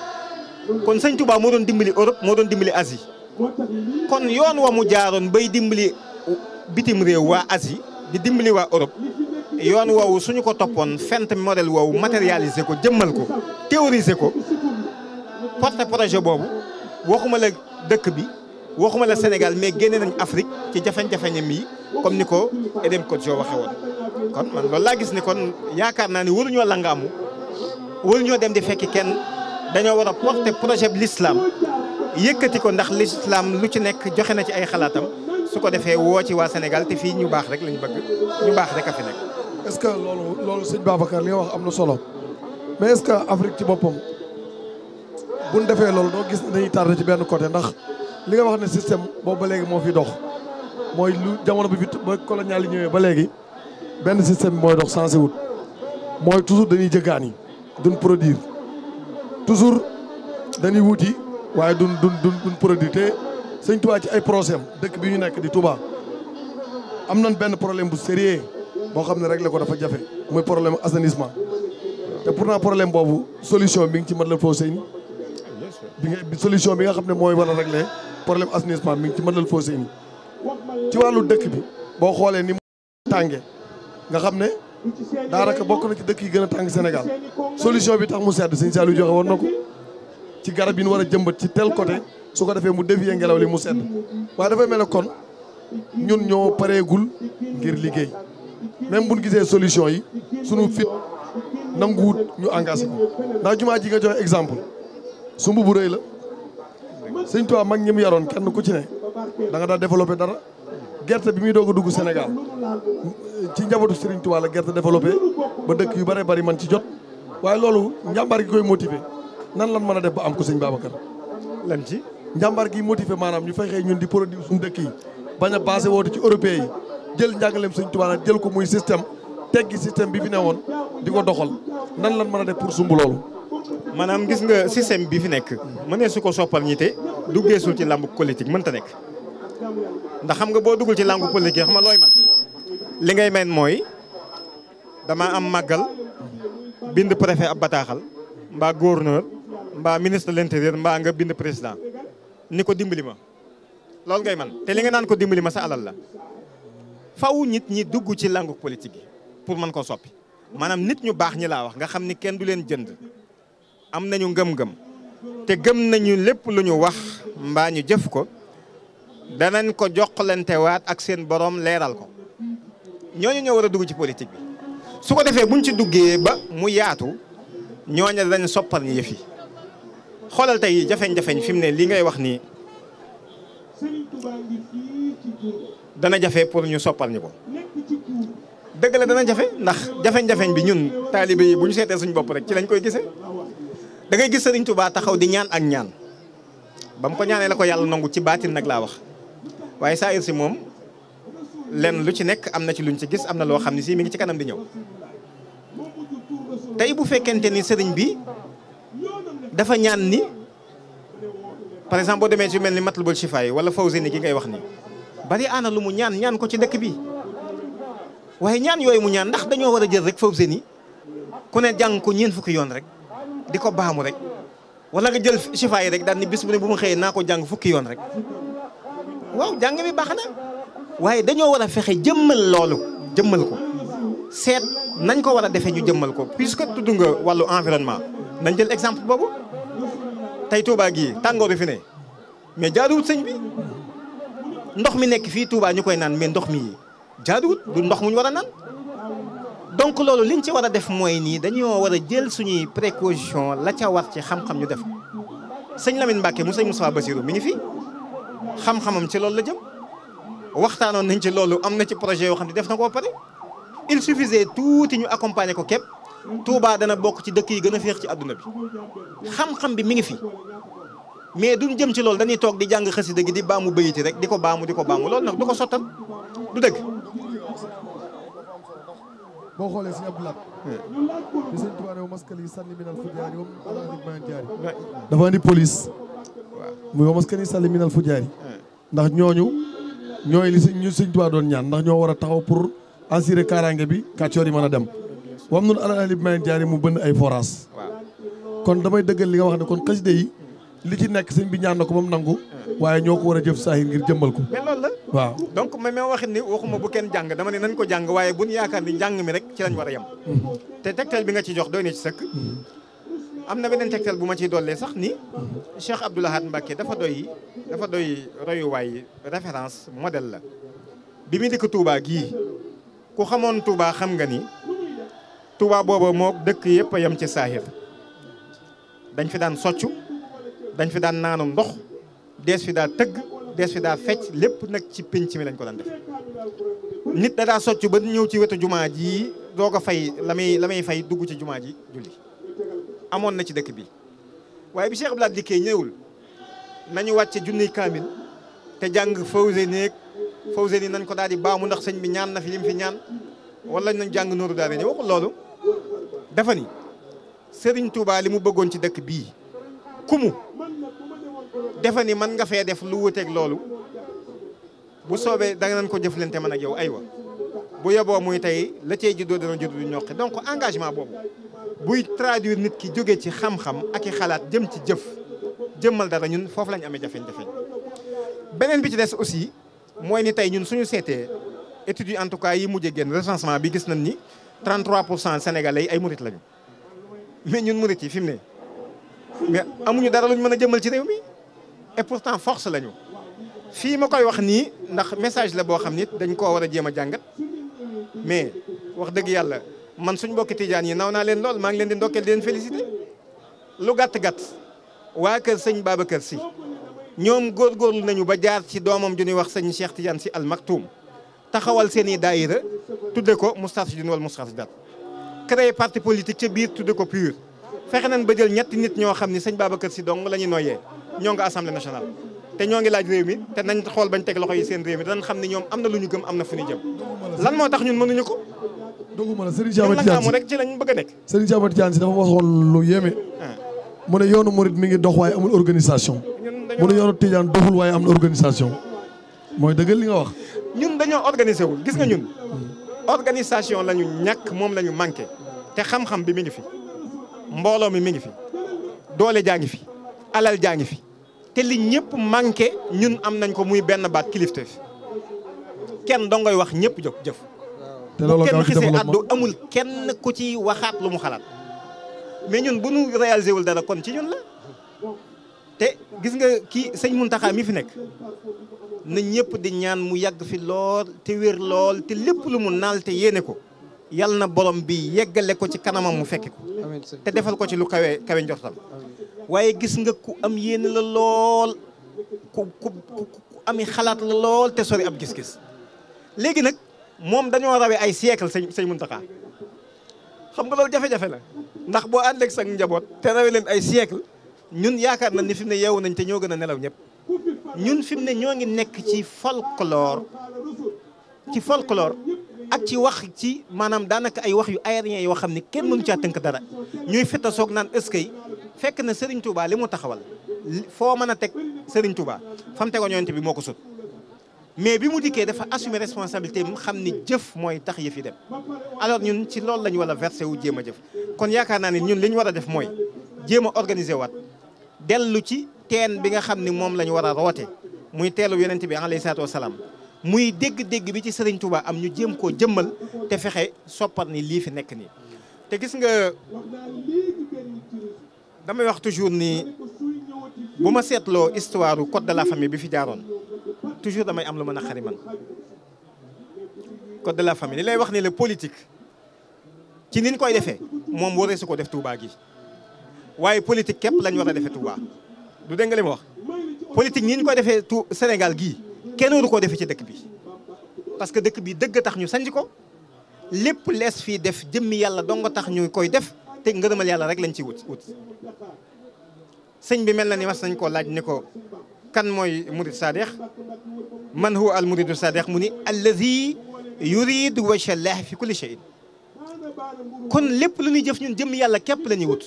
kon sëñ moo doon dimbali Europe moo doon dimbali Asie kon yoon wa mu jaaroon bay dimbali bitim réew waa Asie di dimbali waa Europe yoon woowu suñu ko toppoon fent modèle woowu matérialiser ko jëmmal ko théoriser ko porte projet boobu waxuma dëkk bi waxuma la Sénégal mais génne nañ Afrique ci jafe-jafeñam yi comme ni ko Edem Kodjo waxe woon kon man loolu laa gis ne kon yaakaar naa ne waruñoo langaamu ñoo dem di fekki kenn dañoo war a porter projet bi l'islam yëkkati ko ndax l'islam lu ci nekk joxe na ci ay xalaatam su ko defee woo ci waa Sénégal te fii ñu baax rek lañ bëgg ñu baax rek a fi nekk. que loolu loolu sëñ Babacar li wax am na solo mais est-ce que Afrique ci boppam buñ defee loolu doo gis dañuy tardé ci benn côté ndax. li nga wax ne système boobu ba léegi moo fi dox mooy lu jamono bi fi ba colonial ñëwee ba léegi benn système mooy dox sensé wut mooy toujours dañuy jëgaan yi duñ produire toujours dañuy wuti waaye dun duñ duñ duñ te sëñ Touba ci ay procès dëkk bi ñu nekk di Touba am nan benn problème bu sérieux boo xam ne réglé ko dafa jafe muy problème assainissement te naa problème boobu solution bi nga ci mën la foo sëñ bi nga solution bi nga xam ne mooy war a réglé problème assainissement mi ngi ci Matlaboul Fawzeyni ci wàllu dëkk bi boo xoolee ni mu tànge nga xam ne daanaka bokk na ci dëkk yi gën a tàng Sénégal solution bi tax mu sedd sëñ Saliou joxe war na ko ci garab yi ñu war a jëmbat ci tel côté su ko defee mu dévier ngelaw li mu sedd waaye dafay mel ne kon ñun ñoo pareegul ngir liggéey même buñ gisee solution yi sunu fit nanguwut ñu engagé ko ndax jumaa ji nga joxe exemple sumb bu rëy la sëñ Tuubaa mag ñi mu yaroon kenn ku ci ne danga nga daa développé dara gerte bi muy doog a dugg Sénégal ci njabootu Serigne Touba la gerte développé ba dëkk yi bare bari man ci jot waaye loolu njàmbaar gi koy motiver nan lan mën a def ba am ko sëñ Babacar. lan ci njàmbaar gi motiver maanaam ñu fexee ñun di produire suñu dëkk yi bañ a basé woote ci européen yi jël njàngaleem Serigne Touba la jël ko muy système teggi système bi bi ne woon di ko doxal nan lan mën a def pour sumb maanaam gis nga système bi fi nekk mënee si ko soppal ñi te duggeesul ci làmbu politique mënta nekk ndax xam nga boo duggul ci làmbu politique yi xam nga looy man li ngay men mooy dama am màggal bind préfet ab bataaxal mbaa gouverneur mbaa ministre de l'intérieur bind président ni ko dimbali ma loolu ngay man te li nga naan ko dimbali ma sa alal la faw nit ñi dugg ci làngu politique yi pour mën ko soppi maanaam nit ñu baax ñi laa wax nga xam ni kenn du leen jënd am nañu ngëm-ngëm te gëm nañu lépp lu ñu wax mbaa ñu jëf ko danañ ko joxlante waat ak seen boroom leeral ko ñooñu ñoo war a dugg ci politique bi su ko defee buñ ci duggee ba mu yaatu ñooñu dañ soppar yëf yi xoolal tey jafeñ-jafeñ fi mu ne li ngay wax nii dana jafe pour ñu soppal ñu ko dëgg la dana jafe ndax jafeñ-jafeñ bi ñun taalibe yi bu ñu seetee suñu bopp rek ci lañ koy gisee da ngay gis Serigne tubaa taxaw di ñaan ak ñaan ba ko ñaanee la ko yàlla nangu ci baatin nag laa wax waaye saa si moom lenn lu ci nekk am na ci luñ ci gis am na loo xam ne si mi ngi ci kanam di ñëw tey bu fekkente ni Serigne bi dafa ñaan ni par exemple boo demee ci mel ni ci Matlabul Chifaay wala Fawzeyni gi ngay wax ni bari aana lu mu ñaan ñaan ko ci dëkk bi waaye ñaan yooyu mu ñaan ndax dañoo war a jël rek Fawzeyni ku ne jàng ko ñeent fukki yoon rek di ko baamu rek wala nga jël chifa yi rek daan ni bis bu ne bu ma xëyee naa ko jàng fukki yoon rek waaw jàng mi baax na waaye dañoo war a fexe jëmmal loolu jëmmal ko seet nañ ko war a defee ñu jëmmal ko puisque tudd nga wàllu environnement nañ jël exemple boobu tey Touba gii tàngooru fi ne mais jaaduwut sëñ bi ndox mi nekk fii tuubaa ñu koy naan mais ndox mi jaaduwut du ndox mu ñu war a naan donc loolu liñ ci war a def mooy nii dañoo war a jël suñuy précaution la ca war ci xam-xam ñu def sëñ Lamine Mbacke mu sëñ Moustapha Bassirou mi ngi fi xam-xamam ci loolu la jëm waxtaanoon nañ ci loolu am na ci projet yoo xam ne def na koo pare il suffisait tuuti ñu accompagner ko képp Touba dana bokk ci dëkk yi gën a féex ci àdduna bi xam-xam bi mi ngi fi mais duñ jëm ci loolu dañuy toog di jàng xasida gi di baamu bayiti rek di ko baamu di ko baamu loolu nag du ko boo xoolee si Abdou Lahad di sëñ Tuubaa ne maskal yi sànni minal fujaari jaari muy wa maskal yi sànni minal fujaari ndax ñooñu ñooy li ñu sëñ Tuubaa doon ñaan ndax ñoo war a taxaw pour assurer kaaraange bi kàccoor yi man a dem wam nun alaa alib mayan jaari mu bënn ay forage kon damay dëggal li nga wax ne kon xasida yi li ci nekk sëñ bi ñaan na ko moom nangu waaye ñoo ko war a jëf saahir ngir jëmbal ko mais loolu la waaw donc ma ma waxit ni waxuma bu kenn jàng dama ne nañ ko jàng waaye bun yaakaar ni jàng mi rek ci lañ war a yem te tegtal bi nga ci jox doy na ci sëkk am na beneen tegtal bu ma ciy dollee sax ni Cheikh Abdoul Ahad dafa doy dafa doy royuwaay référence modèle la bi mu dikk tuubaa gii ku xamoon tuubaa xam nga ni Touba booba moo dëkk yëpp a yem ci saahir dañ fi daan soccu dañ fi daan naanu ndox dees fi daa tëgg dees fi daa fecc lépp nag ci pénc mi lañ ko daan def nit da daa socc ba ñëw ci wetu jumaa ji doo a fay la may la may fay dugg ci jumaa ji julli amoon na ci dëkk bi waaye bi Cheikh Abdoul Ahad dikkee ñëwul nañu wàcce junniy kaamil te jàng fawse néeg fawse nañ ko daal di baamu ndax sëñ bi ñaan na fi lim fi ñaan wala nañ jàng nooru daal di waxul loolu dafa ni Serigne Touba li mu bëggoon ci dëkk bii kumu defe ni man nga fee def lu wuteeg loolu bu soobee danga nan ko jëflante man ak yow aywa bu yoboo muy tey la cey juddoo dana judd du ñoqi donc engagement boobu buy traduire nit ki jóge ci xam-xam ak i xalaat jëm ci jëf jëmal dara ñun foofu lañ ame jafe-jafe beneen bi ci des aussi mooy ni tey ñun suñu seetee études yi tout cas yi mujjee génn recensement bi gis nañ ni 33 pour cent sénégalais ay murit lañu mais ñun murit yi fi mu ne mais amuñu dara luñ mën a jëmmal ci réew et pourtant force lañu fii ma koy wax nii ndax message la boo xam ni dañ koo war a jéem a jàngat mais wax dëgg yàlla man suñ mbokki tijaan yi naw naa leen lool maa ngi leen di ndokkeel di leen félicité lu gàtt-gàtt waa kër sëñ Babacar si ñoom góor góorgóorlu nañu ba jaar ci doomam ju ñuy wax sëñ Cheikh Tidiane si almaktuum taxawal seen i daayira tudde ko Moustarchidine wala Moustarchidaty créé parti politique ca biir tudde ko PUR fexe nañ ba jël ñetti nit ñoo xam ni sëñ Babacar si dong la ñu noyyee ñoo ngi assemblée nationale te ñoo ngi laaj réew mi te nañ xool bañ teg loxo yi seen réew mi danañ xam ne ñoom am na lu ñu gëm am na fu ñu jëm lan moo tax ñun mënuñu ko doguma la Serigne Cheikh Tidiane si rek ci lañ bëgg a nekk Serigne Cheikh Tidiane si dafa waxoon lu yéeme ah. mu ne yoonu murit mi ngi dox waaye amul organisation mu ne yoonu Tidiane doxul waaye am na organisation mooy dëggal li nga wax ñun dañoo organisé wul gis nga ñun hmm. organisation la ñu ñàkk moom la ñu manqué te xam-xam bi mi ngi fi mbooloo mi mi ngi fi doole jaa ngi fi alal jaa ngi fi te li ñëpp manqué ñun am nañ ko muy benn baat kilifteef kenn dongoy wax ñëpp jóg jëf bu kenn xisee addu amul kenn ku ci waxaat lu mu xalaat mais ñun bu ñu réalisé wul dara kon ci ñun la te gis nga kii sëñ Muntaxa mi fi nekk nañ ñëpp di ñaan mu yàgg fi lool te wér lool te lépp lu mu naal te yéene ko yàlla na borom bi yeggale ko ci kanamam mu fekki ko te defal ko ci lu kawe kawe njortam waaye gis nga ku am yéene la lool ku ku ku ami xalaat la lool te sori ab gis-gis léegi nag moom dañoo rawee ay siècle sëñ sëñ Muntaxa xam nga lool jafe-jafe la ndax boo àndeeg sa njaboot te rawee leen ay siècle ñun yaakaar nañ ni fi mu ne yeewu nañ te ñoo gën a nelaw ñëpp ñun fi mu ne ñoo ngi nekk ci folklore ci folklore ak ci wax ci maanaam daanaka ay wax yu aérien yoo xam ne kenn mënu caa tënk dara ñuy feta naan est fekk na Serigne Touba li mu taxawal foo mën a teg Serigne Touba fa mu tegoon yonent bi moo ko sut mais bi mu dikkee dafa assumer responsabilité mu xam ni jëf mooy tax yëf yi dem alors ñun ci loolu la ñu war a versé wu jéem a jëf kon yaakaar naa ni ñun li war a def mooy jéem a organiser waat dellu ci teen bi nga xam ni moom la ñu war a roote muy teelu yonent bi alayhi salaatu wasalaam muy dégg-dégg bi ci Serigne Touba am ñu jéem koo jëmmal te fexe soppar ni lii fi nekk nii damay wax toujours ni bu ma seetloo histoire u de la famille bi fi jaaroon toujours damay am lu mën a xari man de la famille li lay wax ni le politique ci niñ koy defee moom waree su ko def Touba gi waaye politique képp lañ war a defee Touba du dégg nga li ma wax politique nii ñu koy defee tout Sénégal gi kenn waru koo defee ci dëkk bi parce que dëkk bii dëgg a tax ñu sanj ko lépp lees fii def jëmmi yàlla dong tax ñu koy def te ngërëmal yàlla rek lañ ci wut wut sëñ bi mel na ni mas nañ koo laaj ni ko kan mooy murid saadix man huwa al muridu saadix mu ni allazi yuridu wajha llaah fi kulli shay'in kon lépp lu ñuy jëf ñun jëm yàlla képp la wut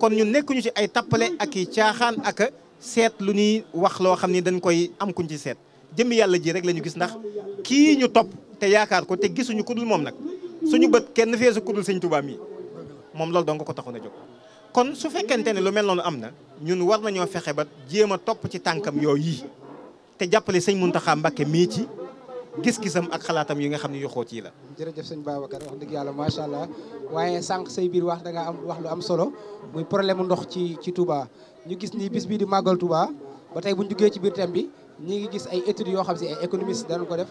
kon ñu nekkuñu ci ay tappale ak i caaxaan ak a seet lu ñuy wax loo xam ni dañ koy am kuñ ci seet jëm yàlla ji rek lañu gis ndax kii ñu topp te yaakaar ko te gisuñu ku dul moom nag suñu bët kenn feesu ku dul sëñ tubaam yi moom loolu dong ko taxoon a jóg kon su fekkente ne lu mel noonu am na ñun war nañoo fexe ba jéem a topp ci tànkam yooyu te jàppale sëñ Muntaxa Mbàkke mii ci gis-gisam ak xalaatam yi nga xam ne yu xóot yi la. jërëjëf sëñ Babacar wax dëgg yàlla macha allah waaye sànq say biir wax da nga am wax lu am solo muy problème mu ndox ci ci Touba ñu gis nii bis bii di màggal Touba ba tey bu ñu ci biir thème bi ñi ngi gis ay études yoo xam si ay économistes danañ ko def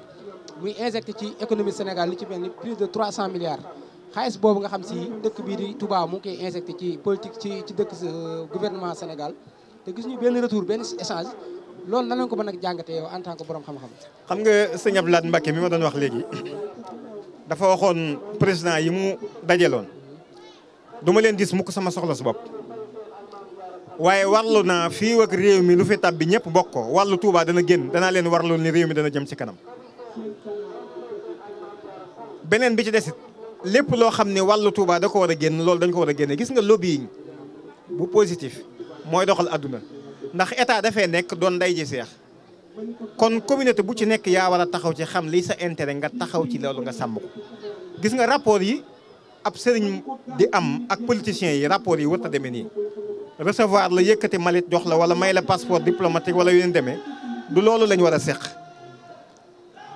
muy injecté ci économie Sénégal li ci mel ni plus de 300 milliards. xaalis boobu nga xam si dëkk bii di Touba mu ngi koy injecté ci politique ci ci dëkk euh, gouvernement Sénégal te gis ñu benn retour benn échange loolu na lañ ko mën a jàngatee yow en tant que borom xam-xam. xam nga sëñ Abdou Lahad mi ma doon wax léegi dafa waxoon président yi mu dajaloon du ma leen gis mukk sama soxla su bopp waaye warlu naa fii wak réew mi lu fi tab bi ñëpp bokk ko wàllu Touba dana génn danaa leen warlu ni réew mi dana jëm ci kanam beneen bi ci desit lépp loo xam ne wàllu Touba da ko war a génn loolu dañ ko war a génne gis nga lobbying bu positif mooy doxal àdduna ndax état dafee nekk doon day ji seex kon communauté bu ci nekk yaa war a taxaw ci xam li sa intérêt nga taxaw ci loolu nga sàmm ko gis nga rapport yi ab sëriñ di am ak politiciens yi rapport yi warut a demee nii recevoir la yëkkati malit jox la wala may la passeport diplomatique wala yu leen demee du loolu lañu war a seq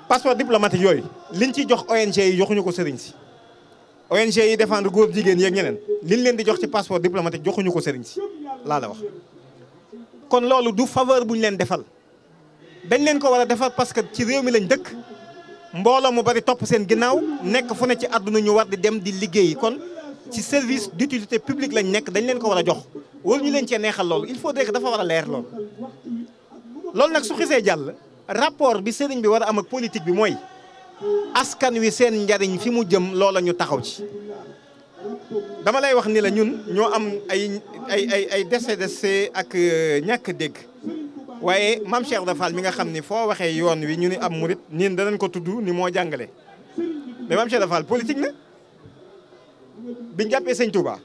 passeport diplomatique yooyu liñ ci jox ONG yi joxuñu ko sëriñ si. ONG yi défendre góor jigéen yeeg ñeneen liñ leen di jox ci passeport diplomatique joxuñu ko sëriñ si laa la wax kon loolu du bu ñu leen defal dañ leen ko war a defal parce que ci réew mi lañ dëkk mbooloo mu bari topp seen ginnaaw nekk fu ne ci àdduna ñu war di dem di liggéeyi kon ci service d'utilité publique lañ nekk dañ leen ko war a jox war ñu leen cee neexal loolu il faut que dafa war a leer loolu loolu nag su xisee jàll rapport bi sëriñ bi war a am ak politique bi mooy askan wi seen njariñ fi mu jëm loola ñu taxaw ci dama lay wax ni la ñun ñoo am ay ay ay ay dese dese ak euh, ñàkk dégg waaye maam Cheikh Ibra Fall mi nga xam ni foo waxee yoon wi ñu ni am murit niin danañ ko tudd ni moo jàngale mais maam Cheikh Ibra Fall politique na biñ jàppee sëñ Touba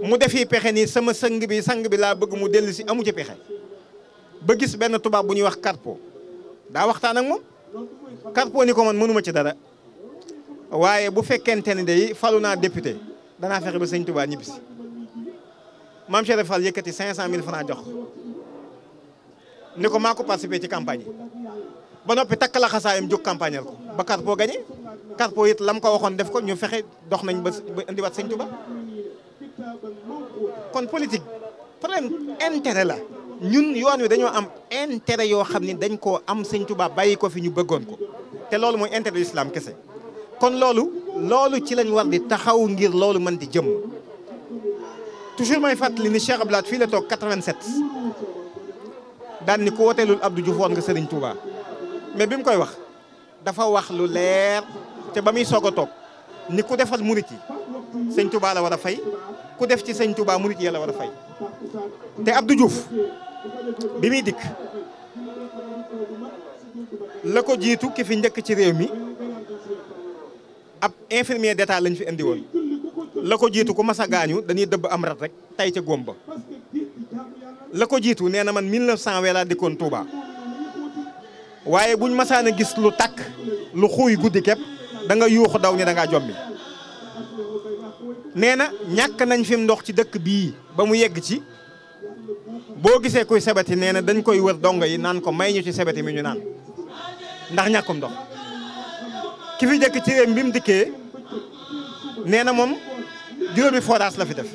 mu defi pexe ni sama sang bi sang bi laa bëgg mu dellu si amu ci pexe ba gis benn tubaab bu ñuy wax Carpo daa waxtaan moom Carpo ni ko man mënuma ci dara waaye bu fekkente ne day falu naa député danaa fexe ba sëñ Touba ñibbisi maam Cheikh Fall yëkkati 500000 francs jox ni ko maa ko participé ci campagne ba noppi takk la xasaayam jóg campagneel ko ba Carpo gagné Carpo it lam ko waxoon def ko ñu fexe dox nañ ba indiwaat sëñ Touba kon politique problème intérêt la. ñun yoon wi dañoo am intérêt yoo xam ni dañ koo am sëñ Tuubaa bàyyi ko fi ñu bëggoon ko te loolu mooy intérêt l'islam kese kon loolu loolu ci lañ war di taxaw ngir loolu mën di jëm toujours may fàttali ni Cheikh Abdoulaye fii la toog 87 daan ni ku woteelul Abdou Diouf woon nga Serigne Touba mais bi mu koy wax dafa wax lu leer te ba muy soog a toog ni ku defal murit yi sëñ Touba la war a fay ku def ci sëñ Touba murit la war a fay te Abdou Diouf bi muy dikk la ko jiitu ki fi njëkk ci réew mi ab infirmier d'état lañ fi indi woon la ko jiitu ku mas a gaañu dañuy dëbb am rat rek tay ca góom ba la ko jiitu nee na man 1900 wee laa dikkoon Touba waaye buñ masaan a gis lu takk lu xuuy guddi képp da nga yuuxu daw ni da jommi nee na ñàkk nañ fi ndox ci dëkk bii ba mu yegg ci boo gisee kuy sebeti nee na dañ koy wër dongo yi naan ko may ñu ci sebeti mi ñu naan ndax ñàkkum ndox ki fi jëkk ci réew bi mu dikkee nee na moom juróomi forage la fi def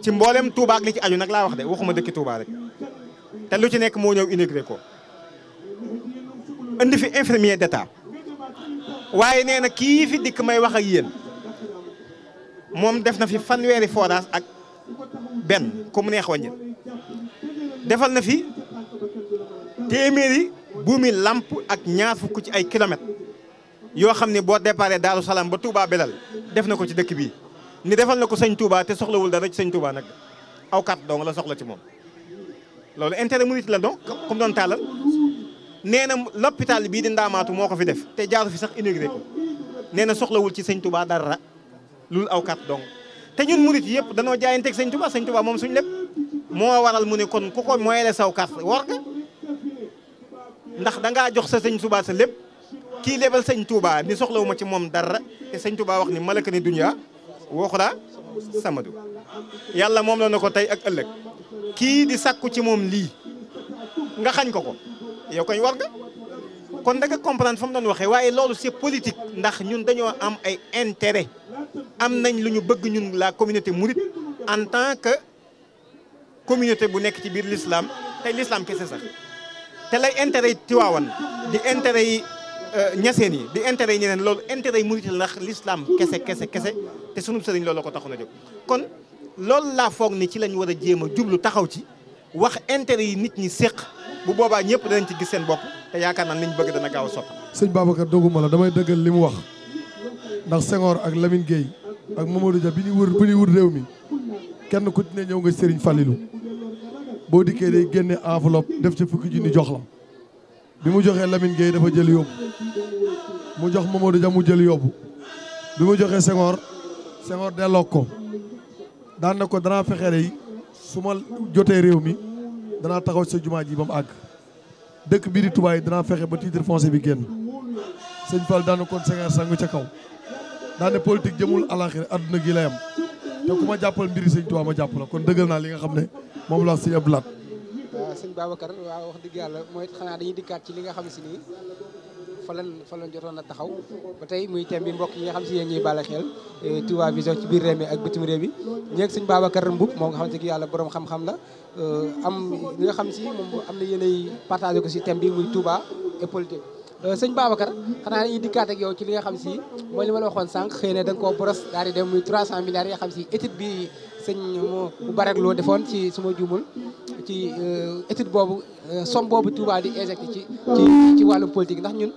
ci mboolem Touba li ci aju nag laa wax de waxuma dëkki Touba rek te lu ci nekk moo ñëw inauguré ko indi fi infirmier d'état waaye nee na kii fi dikk may wax ak yéen moom def na fi fanweeri forage ak benn ku mu neex wàññi defal na fi téeméeri buumi làmp ak ñaar fukk ci ay kilomètres yoo xam ne boo déparé Daaru Salaam ba Touba Belal def na ko ci dëkk bii ni defal na ko sëñ Touba te soxlawul dara ci sëñ Touba nag aw kat dong la soxla ci moom loolu intérêt mu nit la donc comme doon tàllal nee na l'hôpital bii di ndaamaatu moo ko fi def te jaaru fi sax inauguré ko nee na soxlawul ci sëñ Touba dara lul aw kat dong te ñun murit yëpp danoo jaayanteek sëñ Tuubaa sëñ Tuubaa moom suñ lépp moo waral mu ne kon ku ko moyele saw kat war nga ndax dangaa jox sa sëñ Tuubaa sa lépp kii lebal sëñ Tuubaa ni soxlawuma ci moom dara te sëñ Tuubaa wax ni malaka ni dunya waxura samadu yàlla moom la ne ko tey ak ëllëg kii di sàkku ci moom lii nga xañ ko ko yow koñ war nga kon da nga comprendre fa mu doon waxee waaye loolu c'est politique ndax ñun dañoo am ay intérêt am nañ lu ñu bëgg ñun laa communauté murit en tant que communauté bu nekk ci biir lislaam tey l'islam kese sax te lay intérêt yi Tiwaawan di intérêt yi euh, ñaseen yi di intérêt yi ñeneen loolu intérêt yi murit la ndax l'islam kese kese kese te sunu sëriñ loolu ko taxoon a jóg kon loolu laa foog ni ci lañu war a jéem a jublu taxaw ci wax intérêt yi nit ñi séq bu boobaa ñëpp danañ ci gis seen bopp te yaakaar naa liñ bëgg dana gaaw a sopp sëñ Babacar dogguma la damay dëggal li mu wax ndax Senghor ak Lamine Gueye ak Mamadou ja bi ñu wër bi ñu wër réew mi kenn ku ci ne ñëw nga Serigne Fallilou boo dikkee day génne enveloppe def ci fukki junni jox la bi mu joxee lamin Gueye dafa jël yóbbu mu jox Mamadou ja mu jël yóbbu bi mu joxee Senghor Senghor delloo ko daan ko danaa fexe rey su ma jotee réew mi danaa taxaw sa jumaa ji ba mu àgg dëkk bi di tubaay yi danaa fexe ba titre foncier bi génn sëñ Fall daan na kon Senghor sangu ca kaw daa ne politique jëmul alaxira adduna gi lay am te ku ma jàppal mbiri sëñ Tuubaa ma jàpp la kon dëggal naa li nga xam ne moom la sëñ Abdoulaat waaw ah, sëñ Babacar waaw wax dëgg yàlla mooy xanaa dañuy dikkaat ci li nga xam si nii falan falan jotoon a taxaw ba tey muy thème bi mbokk yi nga xam si yéen ñuy bàyyi xel eh, Touba Vision ci biir réew mi ak bitim réew mi ñeeg sëñ kar Mboup moo nga xam ne yàlla borom xam-xam la eh, am li nga xam si moom am na yéenay partagé ko si thème bi muy Touba et Euh, sëñ Babacar xanaa dañuy di ak yow ci li nga xam si moo li ma la waxoon sànq xëy na da nga koo boros daal di dem muy 300 milliards yi xam si étude bi sëñ mu barak loo defoon ci suma juumul ci euh, étude boobu euh, somme boobu Touba di injecté ci ci ci wàllum politique ndax ñun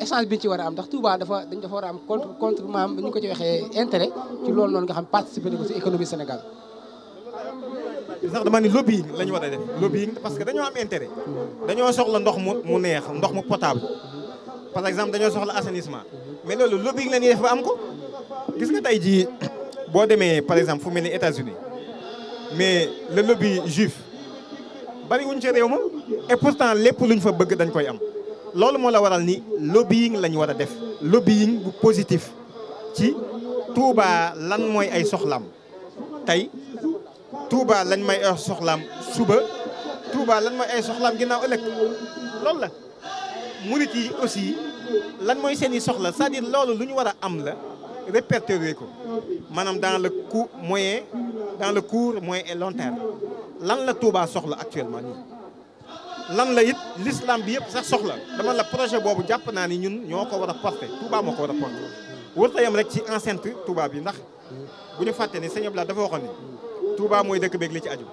échange bi ci war a am ndax Touba dafa dañ dafa war am contre contre maam ñu ko ci waxee intérêt ci loolu noonu nga xam participer na ko si économie Sénégal. sax dama ni lobbying lañu ñu war a def lobbying parce que dañoo am intérêt. dañoo soxla ndox mu mu neex ndox mu potable. par exemple dañoo soxla assainissement mais loolu lobbying la ñuy def am ko gis nga tey jii boo demee par exemple fu mel ni États-Unis mais le lobby juif bari wuñ ca réew ma et pourtant lépp luñ fa bëgg dañ koy am loolu moo la waral ni lobbying lañ war a def lobbying bu positif ci Touba lan mooy ay soxlaam tey Touba lañ may ay soxlaam suba Touba lan mooy ay soxlaam ginnaaw ëllëg loolu la murit yi aussi lan mooy seen soxla cest à loolu lu ñu war a am la répertorier ko maanaam dans le court moyen dans le court moyen et long lan la Touba soxla actuellement nii. lan la it l'islam bi yëpp sax soxla dama la projet boobu jàpp naa ni ñun ñoo ko war a porter Touba moo ko war a porter warut yam rek ci enceinte Touba bi ndax bu ñu fàtte ni sëñ laa dafa waxoon ni Touba mooy dëkk beeg li ci aju.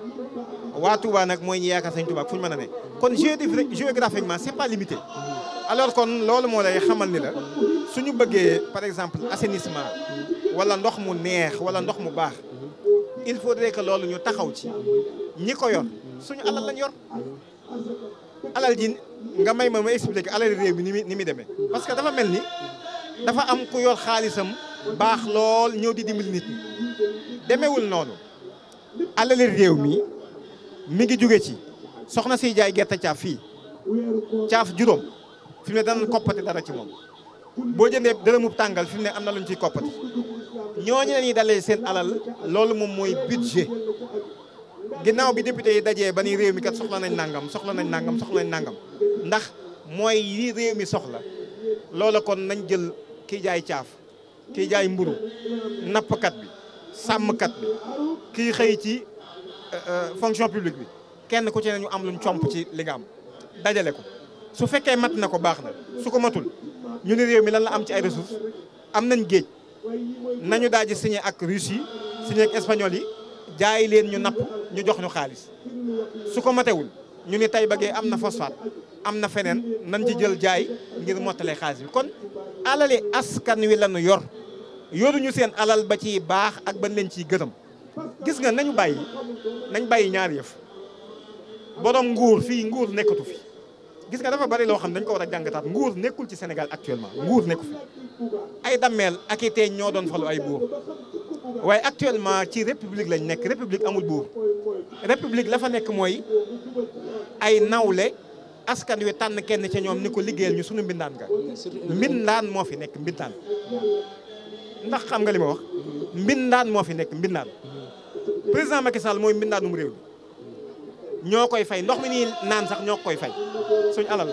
waa Touba nag mooy ñi yaakaar sëñ Touba fu ñu mën a ne kon géographiquement c'est pas alors kon loolu moo lay xamal ni la suñu bëggee par exemple assainissement wala ndox mu neex wala ndox mu baax il faudrait que loolu ñu taxaw ci ñi ko yor suñu alal lañ yor alal ji nga may ma ma expliquer alal réew mi ni muy ni muy demee parce que dafa mel ni dafa am ku yor xaalisam baax lool ñëw di dimbali demewul noonu alal réew mi mi ngi jóge ci soxna si jaay gerte caaf fii caaf juróom fi mu ne danañ koppati dara ci moom boo jëndee dërëmub tàngal fi mu ne am na lu ñu ciy koppati ñooñu la ñuy dalee seen alal loolu moom mooy budget ginnaaw bi député yi dajee ba ni réew mi kat soxla nañ nangam soxla nañ nangam soxla nañ nangam ndax mooy yi réew mi soxla loola kon nañ jël kii jaay caaf kii jaay mburu nappkat bi sàmmkat bi kii xëy ci euh, euh, fonction publique bi kenn ku ci ne ñu am luñ comp ci ligam dajale ko. su fekkee mat na ko baax na su ko matul ñu ne réew mi lan la am ci ay ressources am nañ géej nañu daal di ak Russes yi signé ak Espagnols yi jaay leen ñu napp ñu jox ñu xaalis su ko matewul ñu ni tey bëggee am na phosphate am na feneen nañ ci jël jaay ngir mottale xaalis yi kon alali askan wi lañu yor yoruñu seen alal ba ciy baax ak ban leen ciy gërëm gis nga nañu bàyyi nañ bàyyi ñaar yëf borom nguur fii nguur nekkatu fi gis nga dafa bari loo xam dañ ko war a jàngataat nguur nekkul ci Sénégal actuellement nguur nekku fi ay dammeel ak i teeñ ñoo doon falu ay buur waaye actuellement ci république lañ nekk république amul buur république la fa nekk mooy ay nawle askan wi tànn kenn ca ñoom ni ko liggéeyal ñu sunu mbindaan nga mbindaan moo fi nekk mbindaan ndax xam nga li ma wax mbindaan moo fi nekk mbindaan président ma Sall mooy mbindaanum réew mi ñoo koy fay ndox mi nii naan sax ñoo koy fay suñ alal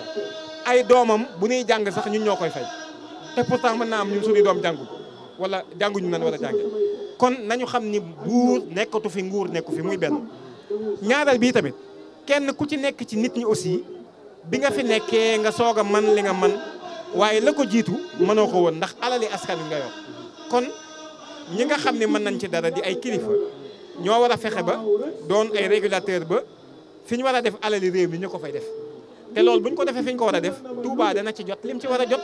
ay doomam bu ñuy jàng sax ñun ñoo koy fay te pourtant mën naa am ñun suñuy doom jànguñ wala jànguñu nan wala jànge kon nañu xam ni buur nekkatu fi nguur nekku fi muy benn ñaareel bii tamit kenn ku ci nekk ci nit ñi aussi bi nga fi nekkee nga soog a man li nga man waaye la ko jiitu mënoo ko woon ndax alali askan wi nga yor kon ñi nga xam ne mën nañ ci dara di ay kilifa ñoo war a fexe ba doon ay régulateur ba fi ñu war a def alali réew mi ñu ko fay def te loolu bu ko defee fi ko war a def Touba dana ci jot lim ci war a jot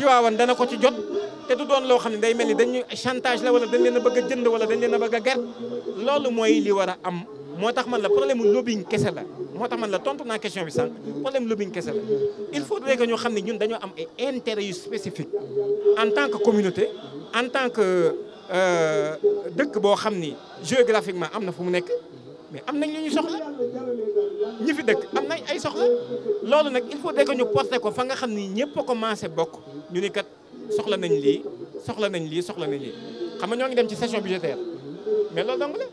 Tiwaawan dana ko ci jot te du doon loo xam ne day mel ni dañu chantage la wala dañ leen a bëgg a jënd wala dañ leen a bëgg a ger loolu mooy li war a am moo tax man la problème mu lobbying kese la moo tax man la tontu naa question bi sànq problème lobbying kese la il faudrait que ñu xam ne ñun dañoo am ay intérêt yu spécifique en tant que communauté en tant que euh, dëkk boo xam ni géographiquement am na fu mu nekk mais am nañ lu ñu soxla ñi fi dëkk am nañ ay soxla loolu nag il faut que ñu porté ko fa nga xam ni ñëpp a commencé bokk ñu ni kat soxla nañ lii soxla nañ lii soxla nañ lii xam nga ñoo ngi dem ci session budgétaire mais loolu dong la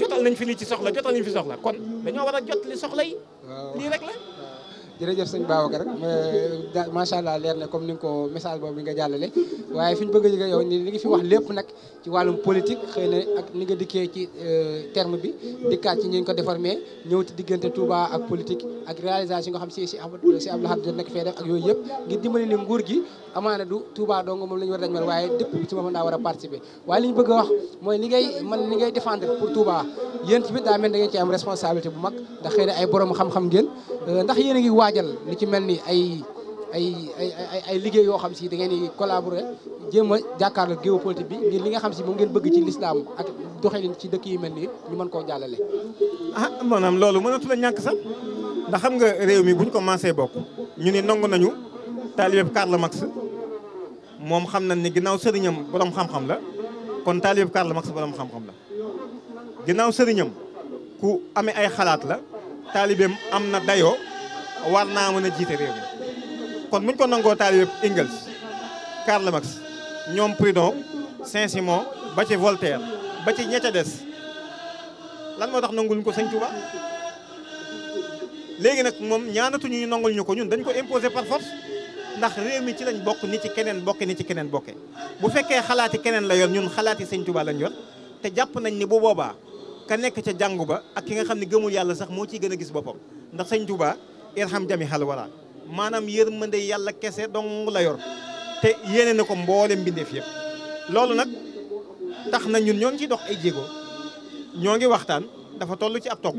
jotal nañ fi lii ci soxla jotal nañ fi soxla kon dañoo war a jot li soxla yi lii rek la jërëjëf sëñ Babacar rek macha allah leer na comme ni nga ko message boobu nga jàllale waaye fi ñu bëgg a jóge yow ni li nga fi wax lépp nag ci wàllum politique xëy ak ni dikkee ci euh, bi dikkaat ci ñu ko déformé ñëw ci diggante Touba ak politique ak réalisation xam si si Amadou si Abdoulaye Abdoulaye yooyu yëpp ngir dimbali ne nguur gi amaana du Touba dong moom la ñu war a dañ waaye dëpp bi ci moom daa war a participer waaye li ñu bëgg a wax mooy li ngay man li ngay défendre pour Touba yéen tamit daa mel da ngeen ci am responsabilité bu mag ndax xëy na ay borom xam-xam ngeen euh, ndax yéen waajal lu ci mel ni ay ay ay ay liggéey yoo xam si da ngeen di collaborer jéem a jàkkaarloo géopolitique bi ngir li nga xam si moom ngeen bëgg ci lislaam ak doxalin ci dëkk yu mel nii ñu man koo jàllale. ah maanaam loolu mënatu la ñàkk sax ndax xam nga réew mi buñ ñu commencé bokk ñu ni nangu nañu taalibeeb Karl Marx moom xam na ni ginnaaw sëriñam boroom xam-xam la kon taalibeeb Karl Marx borom xam-xam la ginnaaw sëriñam ku amee ay xalaat la taalibeem am na dayoo. war naa mën a jiite réew mi kon buñ ko nangoo taali yëpp Engels Karl Marx ñoom Proudhon Saint-Simon ba ci Voltaire ba ci ña ca des lan moo tax nanguluñ ko Sëñ Tuuba léegi nag moom ñaanatuñu ñu nangul ñu ko ñun dañ ko imposer par force ndax réew mi ci lañ bokk ni ci keneen bokke ni ci keneen bokke bu fekkee xalaati keneen la yor ñun xalaati Sëñ Tuuba lañ yor te jàpp nañ ni bu boobaa ka nekk ca jàngu ba ak ki nga xam ne gëmul yàlla sax moo ciy gën a gis boppam xam jami xal wala maanaam yërmande yàlla kese dong la yor te yéene na ko mboole mbindeef yëpp loolu nag tax na ñun ñoo ngi ciy dox ay jéego ñoo ngi waxtaan dafa toll ci ab togg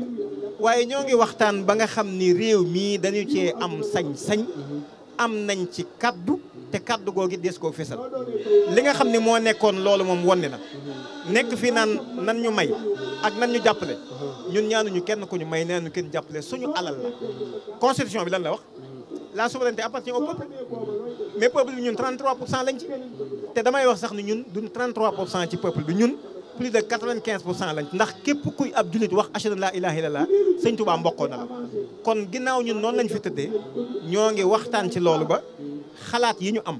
waaye ñoo ngi waxtaan ba nga xam ni réew mii dañu cee am sañ-sañ am nañ ci kaddu te kaddu googi des koo fesal li nga xam ne moo nekkoon loolu moom wonni na nekk fii naan nan ñu may ak nan ñu jàppale ñun ñaanuñu kenn ku ñu may nee nañu kenn jàppale suñu alal la constitution bi lan la wax la souveraineté appartient au peuple mais peuple bi ñun 33 pour cent lañ ci te damay wax sax ni ñun duñ 33 pour cent ci peuple bi ñun plus de 95 pour ndax képp kuy ab jullit wax ashhadu an laa ilaaha illallaah sëñ Tuubaa mbokkoo la kon ginnaaw ñun noonu lañ fi tëddee ñoo ngi waxtaan ci loolu ba xalaat yi ñu am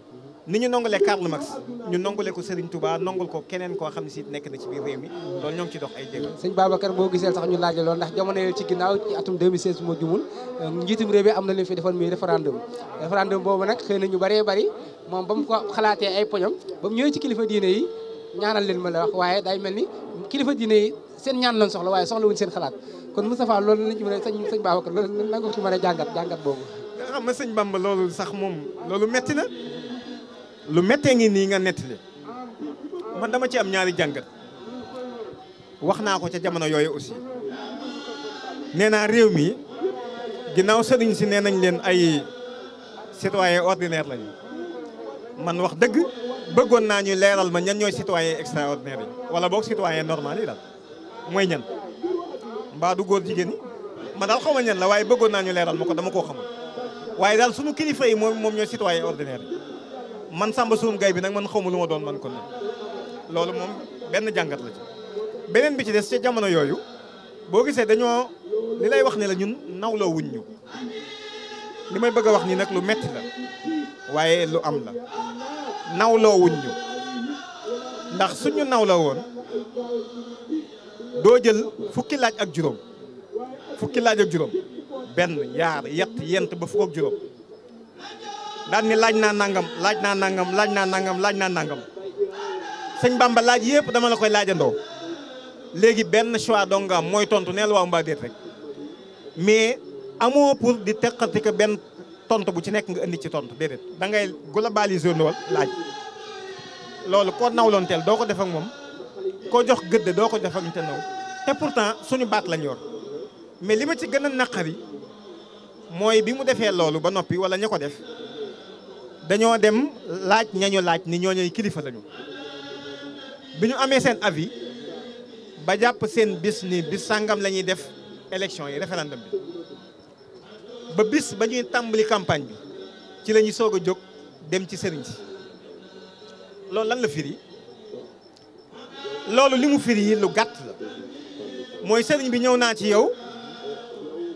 ni ñu nongalee Karl Marx ñu nongale ko Serigne Touba nongul ko keneen koo xam ne si nekk na ci biir réew mi loolu ñoo ngi ci dox ay jéego. sëñ Babacar boo gisee sax ñu laaj la loolu ndax jamono ci ginnaaw ci atum 2016 bu ma njiitum réew mi am na lu fi defoon muy référendum référendum boobu ñaanal leen ma la waaye daay mel ni kilifa diine yi seen ñaan lañ soxla waaye soxla wuñ seen xalaat kon Moustapha loolu lañ ci mën a sëñ sëñ Babacar loolu la nga ci mën a jàngat jàngat boobu xam loolu sax moom loolu metti na lu mettee ngi nii nga nettali man dama ci am ñaari jàngat wax naa ko ca jamono yooyu aussi nee naa réew mi ginnaaw sëriñ si nee nañ leen ay citoyen ordinaire lañ man wax dëgg bëggoon naa ñu leeral ma ñan ñooy citoyen extraordinaire yi wala boog citoyen normal yi daal mooy ñan mbaa du góor jigéen ñi man daal xaw ma ñan la waaye bëggoon naa ñu leeral ma ko dama koo xamul waaye daal suñu kilifa yi moom moom ñooy citoyen ordinaire yi man Samba Suum Gaye bi nag man xaw ma lu ma doon man kon loolu moom benn jàngat la ci beneen bi ci des ca jamono yooyu boo gisee dañoo li lay wax ne la ñun nawloo wuñ ñu li may bëgg a wax nii nag lu metti la waaye lu am la nawloowuñ ñu ndax suñu nawla woon doo jël fukki laaj ak juróom fukki laaj ak juróom benn yaar yett yent ba fukk ak juróom daan ni laaj naa nangam laaj naa nangam laaj naa nangam laaj naa nangam sëñ Bamba laaj yëpp dama la koy laajandoo léegi benn choix dong mooy tontu neel waaw mbaa déet rek mais amoo di teqati benn tontu bu ci nekk nga indi ci tontu déedéet da ngay globaliser woon laaj loolu koo nawloon teel doo ko def ak moom koo jox gëdd doo ko def ak te naw te pourtant suñu baat lañ yor mais li ma ci gën a naqari mooy bi mu defee loolu ba noppi wala ña ko def dañoo dem laaj ñañu laaj ni ñooñuy kilifa lañu bi ñu amee seen avi ba jàpp seen bis ni bis sàngam la ñuy def élection yi référendum bi ba bis ba ñuy tàmbali campagne bi ci lañuy ñuy soog a jóg dem ci sëriñ si loolu lan la firi loolu li mu firi yi lu gàtt la mooy sëriñ bi ñëw naa ci yow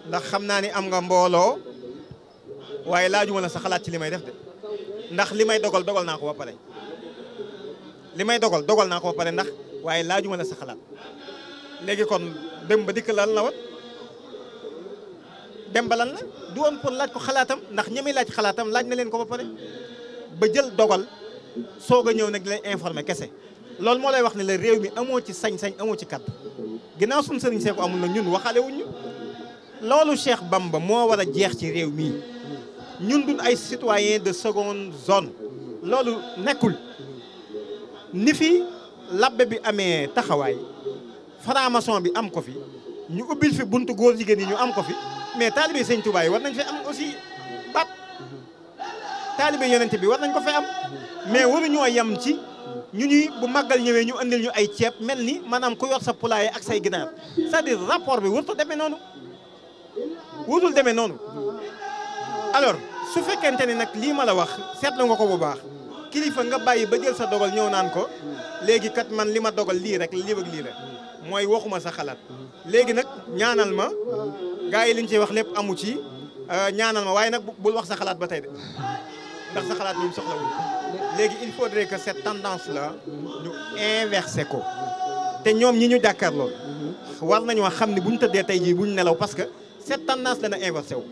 ndax xam naa ni am nga mbooloo waaye laajuma la sa xalaat ci li may def de ndax li may dogal dogal naa ko ba pare li may dogal dogal naa ko ba pare ndax waaye laajuma la sa xalaat léegi kon dem ba dikk lan la wat dem ba lan la du woon pour laaj ko xalaatam ndax ñi laaj xalaatam laaj na leen ko ba pare ba jël dogal soog a ñëw nag di leen informé kese loolu moo lay wax ne la réew mi amoo ci sañ-sañ amoo ci kat ginnaaw suñu sëriñ Seeku amul na ñun waxaale wuñu loolu Cheikh Bamba moo war a jeex ci réew mii ñun duñ ay citoyen de seconde zone loolu nekkul ni fi labbe bi amee taxawaay franc bi am ko fi ñu ubbil fi buntu góor jigéen yi ñu am ko fi mais taalibe sëñ Tuubaa war nañ fi am aussi pap taalibe yonent bi war nañ ko fi am mais waruñoo yem ci ñu ñuy bu màggal ñëwee ñu andil ñu ay ceeb mel ni maanaam ku yor sa poulailler ak say ginaar c'est-à-dire rapport bi warut a demee noonu wutul demee noonu alors su fekkente ni nag lii ma la wax seetlu nga ko bu baax kilifa nga bàyyi ba jël sa dogal ñëw naan ko léegi kat man li ma dogal lii rek lii ak lii rek mooy waxuma sa xalaat léegi nag ñaanal ma gars yi liñ ciy wax lépp amu ci euh, ñaanal ma waaye nag bul wax sa xalaat ba tey de ndax sa xalaat ñun soxlawul léegi il faudrait que cette tendance la ñu inversé ko te ñoom ñi ñu jàkkaarloo war nañoo xam ni bu ñu tëddee tey jii bu ñu nelaw parce que cette tendance dana inversé wu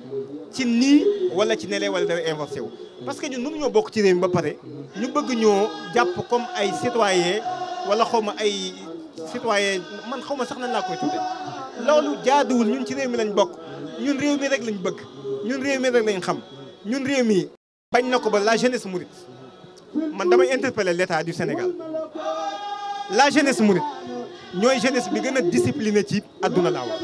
ci nii wala ci nelee wala dana inversé wu parce que ñun mënu ñoo bokk ci réew mi ba pare ñu bëgg ñoo jàpp comme ay citoyen wala xawma ay citoyen man xaw ma sax nan laa koy tudde loolu jaaduwul ñun ci réew mi lañ bokk ñun réew mi rek lañ bëgg ñun réew mi rek lañ xam ñun réew mi bañ na ko ba la jeunesse mouride man damay interpeller l'état du senegal la jeunesse mouride ñooy jeunesse bi gën a discipliné ci adduna laa wax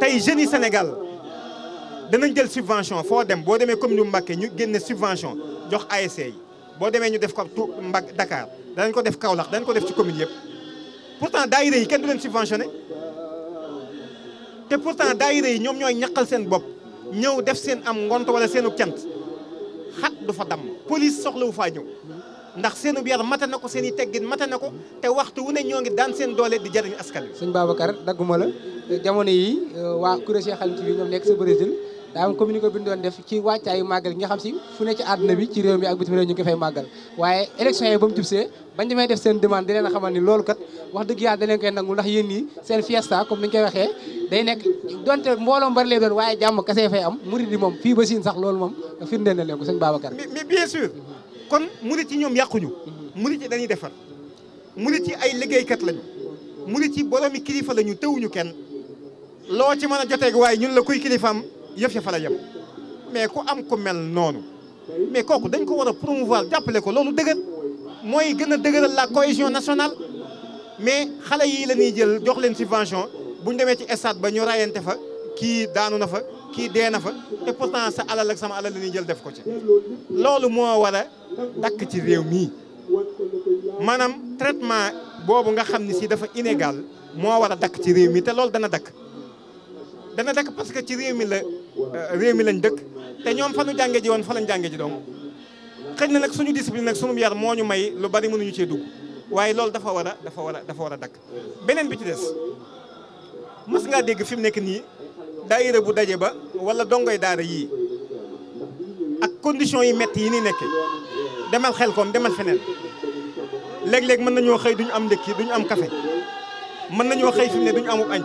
tey jeunes yi Sénégal danañ jël subvention foo dem boo demee commune Mbacké ñu génne subvention jox ASC e yi boo demee ñu def ko Mbacké Dakar danañ ko def Kaolack danañ ko def ci commune yëpp pourtant daayira yi kenn du leen subventionné te pourtant daayira yi ñoom ñooy ñaqal seen bopp ñëw def seen am ngont wala seenu cant xat du fa damm police soxlawu faa ñëw ndax seenu yar mata na ko seen i teggin mata na ko te waxtu wu ne ñoo ngi daan seen doole di jëriñ askan wi. sëñ Babacar dagguma la jamono yi waa kuréel Cheikh Khalim TV ñoom nekk sa Brésil daa am communiqué bi ñu doon def ci wàccaayu màggal gi nga xam si fu ne ci àdduna bi ci réew mi ak bitim réew ñu ngi ko fay màggal waaye élection yi ba mu jubsee bañ demee def seen demande di leen a xamal ni loolu kat wax dëgg yàlla da leen koy nangu ndax yéen ñii seen ñu koy waxee day nekk donte mbooloo mbari lay doon waaye jàmm kase am murid leen ko sëñ Babacar mais bien sûr kon murid yi ñoom yàquñu murid yi dañuy defar murid yi ay liggéeykat lañu murid yi boroomi kilifa lañu tëwuñu kenn loo ci mën a joteeg waaye ñun la kuy kilifaam yëf ya fa la mais ku am ku mel noonu mais kooku dañ ko war a promouvoir jàppale ko loolu dëgër mooy gën a dëgëral la cohésion nationale mais xale yii la ñuy jël jox leen subvention bu ñu demee ci stade ba ñu rayante fa kii daanu na fa kii dee na fa te pourtant sa alal ak sama alal la jël def ko ci loolu moo war a dakk ci réew mii maanaam traitement boobu nga xam ni si dafa inégal moo war a dakk ci réew mi te loolu dana dakk dana dakk parce que ci réew Euh, réew mi lañ dëkk te ñoom fa nu jànge ji woon fa lañ jànge ji donc xëy na nag suñu discipline nag suñu yar moo ñu may lu bari ñu cee dugg waaye loolu dafa war a dafa war a war a dakk beneen bi ci des mës ngaa dégg fi mu nekk nii daayira bu daje ba wala dongoy daara yii ak conditions yi mett yi ni nekk demal xel koom demal feneen léeg-léeg mën nañoo xëy duñu am ndekki duñu am café mën nañoo xëy fi mu ne duñu amub añ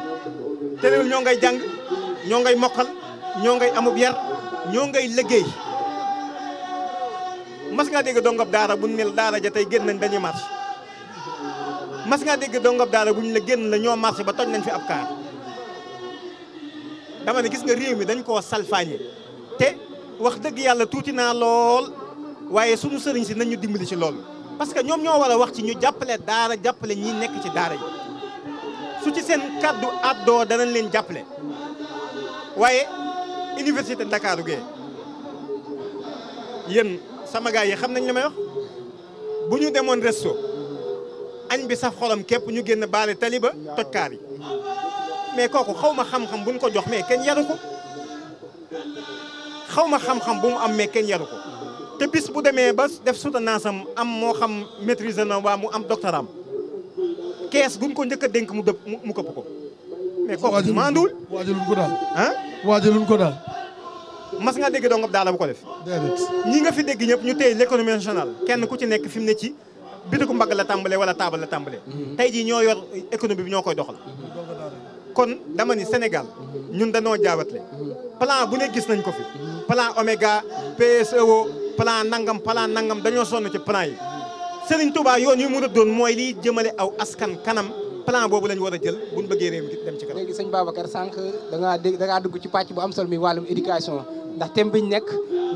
te ñoo ngay jàng ñoo ngay mokkal ñoo ngay amub yar ñoo ngay liggéey mas ngaa dégg dongob daara bu ne la daara ja tey génn nañ dañuy marché mas ngaa dégg dongob daara buñ la génn la ñoo marché ba toj nañ fi ab kaar dama ne gis nga réew mi dañ koo salfaañe te wax dëgg yàlla tuuti naa lool waaye sunu sëriñ si nañ ñu dimbali ci lool parce que ñoom ñoo war wax ci ñu jàppale daara jàppale ñi nekk ci daara yi su ci seen kàddu àddoo danañ leen jàppale waaye université Ndakaaru gee yéen sama gars yi xam nañ li may bu ñu demoon resto añ bi saf xolam képp ñu génn baale taliba tojkaar yi kooku xaw ma xam-xam buñ ko jox mais kenn yaru ko xaw ma xam bu mu am mais kenn yaru ko te bu demee ba def soutenance am moo xam maîtrise na waa mu am doctorat am kees guñ ko njëkk dénk mu dëpp mu këpp ko mais kooku maanduwul. waajaluñ ko daal. ah waajaluñ ko daal. mas nga dégg dongam daala bu ko def. déedéet nga fi dégg ñëpp ñu téye l'économie nationale kenn ku ci nekk fi mu ne ci bitiku mbagg la tàmbalee wala taabal la tàmbalee. Mhm. tey ji ñoo yor économie bi ñoo koy doxal. Mhm. kon dama ni senegal mhm. ñun dañoo jaawatle plan bu ne gis nañ ko fi plan Oméga PSEO plan nangam plan nangam dañoo sonn ci plan yi Serigne Touba yoon yu mu rëddoon mooy liy jëmale aw askan kanam. plan boobu lañ war a jël buñ bëggee réew mi dem ci kanam. léegi sëñ Babacar sànq da ngaa dégg da ngaa dugg ci pàcc bu am solo mi éducation ndax thème biñ nekk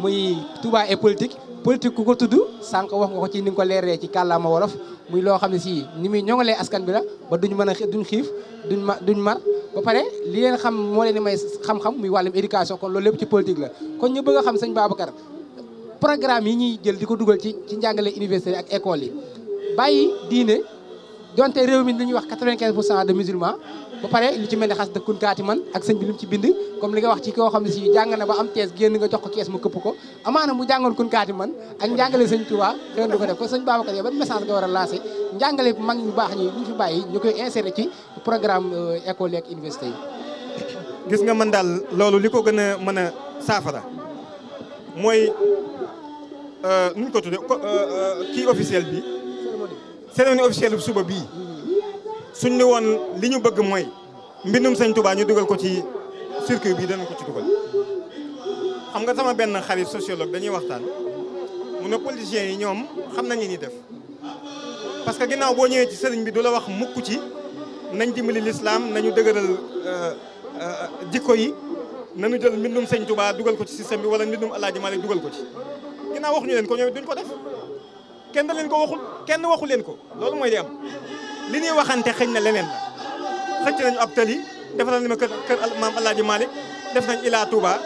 muy Touba et politique politique ku ko tudd sànq wax nga ko ci ni nga ko leeree ci kàllaama wolof muy loo xam ne si ni muy ñoŋalee askan bi la ba duñ mën a duñ xiif duñ ma duñ mar ba pare li leen xam moo leen di may xam-xam muy wàllum éducation kon loolu lépp ci politique la kon ñu xam a xam sëñ Babacar programme yi ñuy jël di ko dugal ci ci njàngale université ak école yi donte réew mi lu ñuy wax 95 pour cent de musulmans ba pare lu ci mel ne xas dëkkun kaati man ak sëñ bi lu mu ci bind comme li nga wax ci koo xam ne si jàng na ba am tees génn nga jox ko kees mu këpp ko amaana mu jàngoon kun kaati man ak njàngale sëñ ko def mag ñu baax ñi ñu fi bàyyi ñu koy insérer ci programme euh, école ak université yi gis nga man daal loolu li ko gën a mën a saafara mooy euh, nuñ ko tudde euh, kii officiel bi cérémonie officielle bu suba bii suñ ne woon li ñu bëgg mooy mbindum sëñ Touba ñu dugal ko ci circuit bi dana ko ci dugal xam nga sama benn xarit sociologue dañuy waxtaan mu ne politiciens yi ñoom xam nañ ñuy def parce que ginnaaw boo ñëwee ci sëriñ bi du la wax mukk ci nañ dimbali lislaam nañu dëgëral euh, euh, jikko yi nañu jël mbindum sëñ Touba dugal ko ci système bi wala mbindum Alaaji Maalik dugal ko ci ginnaaw wax ñu leen ko ñoom duñ ko def kenn da ko waxul kenn waxu leen ko loolu mooy li am li ñuy waxante xëñ na leneen la xëcc nañu ab tali defaral ni ma kër kër maam El Hadj Malick def nañ Ila Touba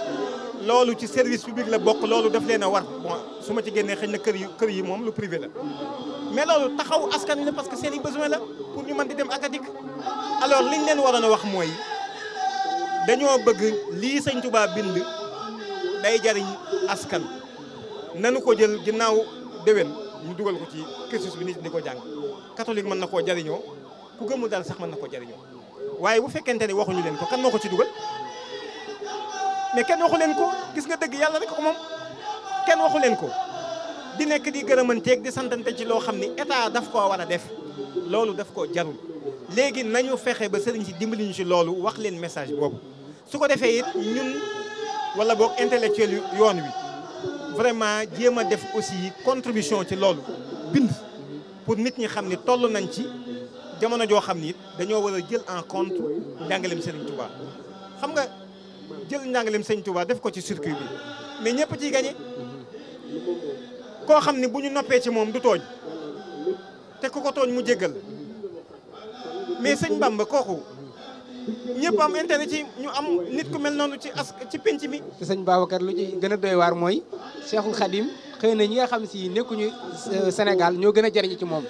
loolu ci service public la bokk loolu def leen a war bon su ma ci génnee xëñ na kër yi kër yi moom lu privé la. mais loolu taxaw askan wi la parce que seen i besoin la pour ñu mën di dem ak a dikk alors liñ leen waroon a wax mooy dañoo bëgg lii sëñ Touba bind day jariñ askan nanu ko jël ginnaaw déwén. mu dugal ko ci cursus bi nit di ko jàng catholique mën na koo jariñoo ku gëmul daal sax mën na koo jariñoo waaye bu fekkente ne waxuñu leen ko kan moo ko ci dugal mais kenn waxu leen ko gis nga dëgg yàlla rek ko moom kenn waxu leen ko di nekk di gërëmanteeg di santante ci loo xam ni état daf koo war a def loolu daf koo jarul léegi nañu fexe ba sëriñ ci dimbali ñu ci loolu wax leen message boobu su ko defee it ñun wala boog intellectuel yoon wi vraiment jéem a def aussi contribution ci loolu bind pour nit ñi xam ni toll nañ ci jamono joo xam ni dañoo war a jël en compte njàngaleem Serigne Touba xam nga jël njàngaleem Serigne Touba def ko ci circuit bi mais ñëpp ciy gañe koo xam ni bu ñu noppee ci moom du tooñ te ku ko tooñ mu jéggal mais sëñ Bamba kooku. ñëpp am intérêt ci ñu am nit ku mel noonu ci as ci penc mi. ci gën a doy na ñi nga xam si nekkuñu euh, Sénégal ñoo gën a jëriñu ci moom.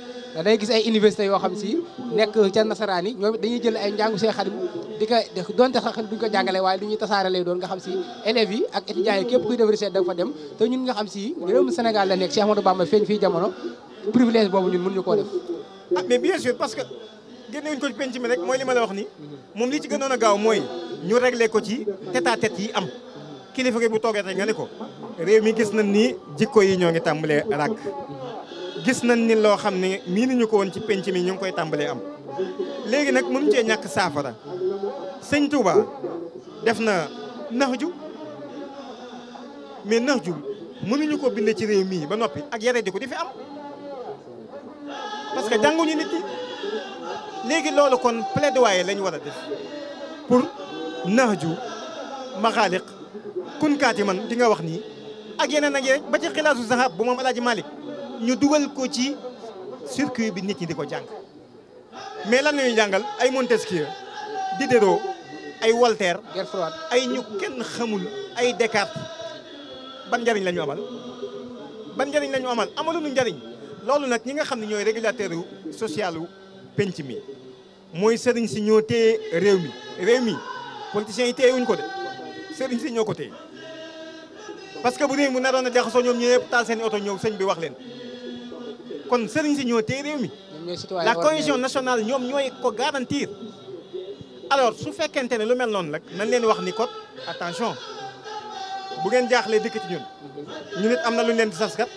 day gis ay université yoo xam si nekk ca nasaraan yi ñoom dañuy jël ay njàngu Cheikh Khadim di ko donte sax duñ ko jàngale waaye lu ñuy tasaare lay doon nga xam si élèves yi ak étudiants yi képp kuy def recherche da fa dem te ñun nga xam si réewum Sénégal la nekk Cheikh Ahmadou Bamba feeñ fii jamono privilège boobu ñun ñu koo def. ah mais bien sûr parce que. génnewuñ ko ci penc mi rek mooy li ma la wax ni moom li ci gënoon a gaaw mooy ñu réglé ko ci tête à yi am kilifa gi bu toogee tey nga ne ko réew mi gis nañ ni jikko yi ñoo ngi tàmbalee ràkk gis nañ ni loo xam ne mii ñu ko woon ci penc mi ñu ngi koy tàmbalee am léegi nag mënu cee ñàkk saafara sëñ Touba def na nax ju mais nax ju mënuñu ko bind ci réew mii ba noppi ak yaree di ko di fi am parce que jànguñu nit ñi léegi loolu kon plaidoyer lañu war a def pour nahju maxaaliq kunkaati man di nga wax nii ak yeneen ak yeneen ba ci xilaasu zahab bu moom alaaji Malick ñu dugal ko ci circuit bi nit ñi di ko jàng mais lan lañuy jàngal ay Montesquieu Diderot ay Voltaire ay ñu kenn xamul ay Descartes ban njëriñ la ñu amal ban njëriñ la ñu amal amaluñu njëriñ loolu nag ñi nga xam ne ñooy régulateur yu social penc mi mooy sëriñ si ñoo téye réew mi réew mi politiciens yi te wuñ ko de sëriñ si ñoo ko téye parce que bu réew mi naroon a jaxasoo ñoom ñëpp taal seen oto ñëw sëñ bi wax leen kon sëriñ si ñoo téye réew mi la cohésion nationale ñoom ñooy ko garantir alors su fekkente ne lu mel noonu nag nañ leen wax ni kot attention bu ngeen jaaxlee dikk ci ñun ñu nit am na lu ñu leen di saskat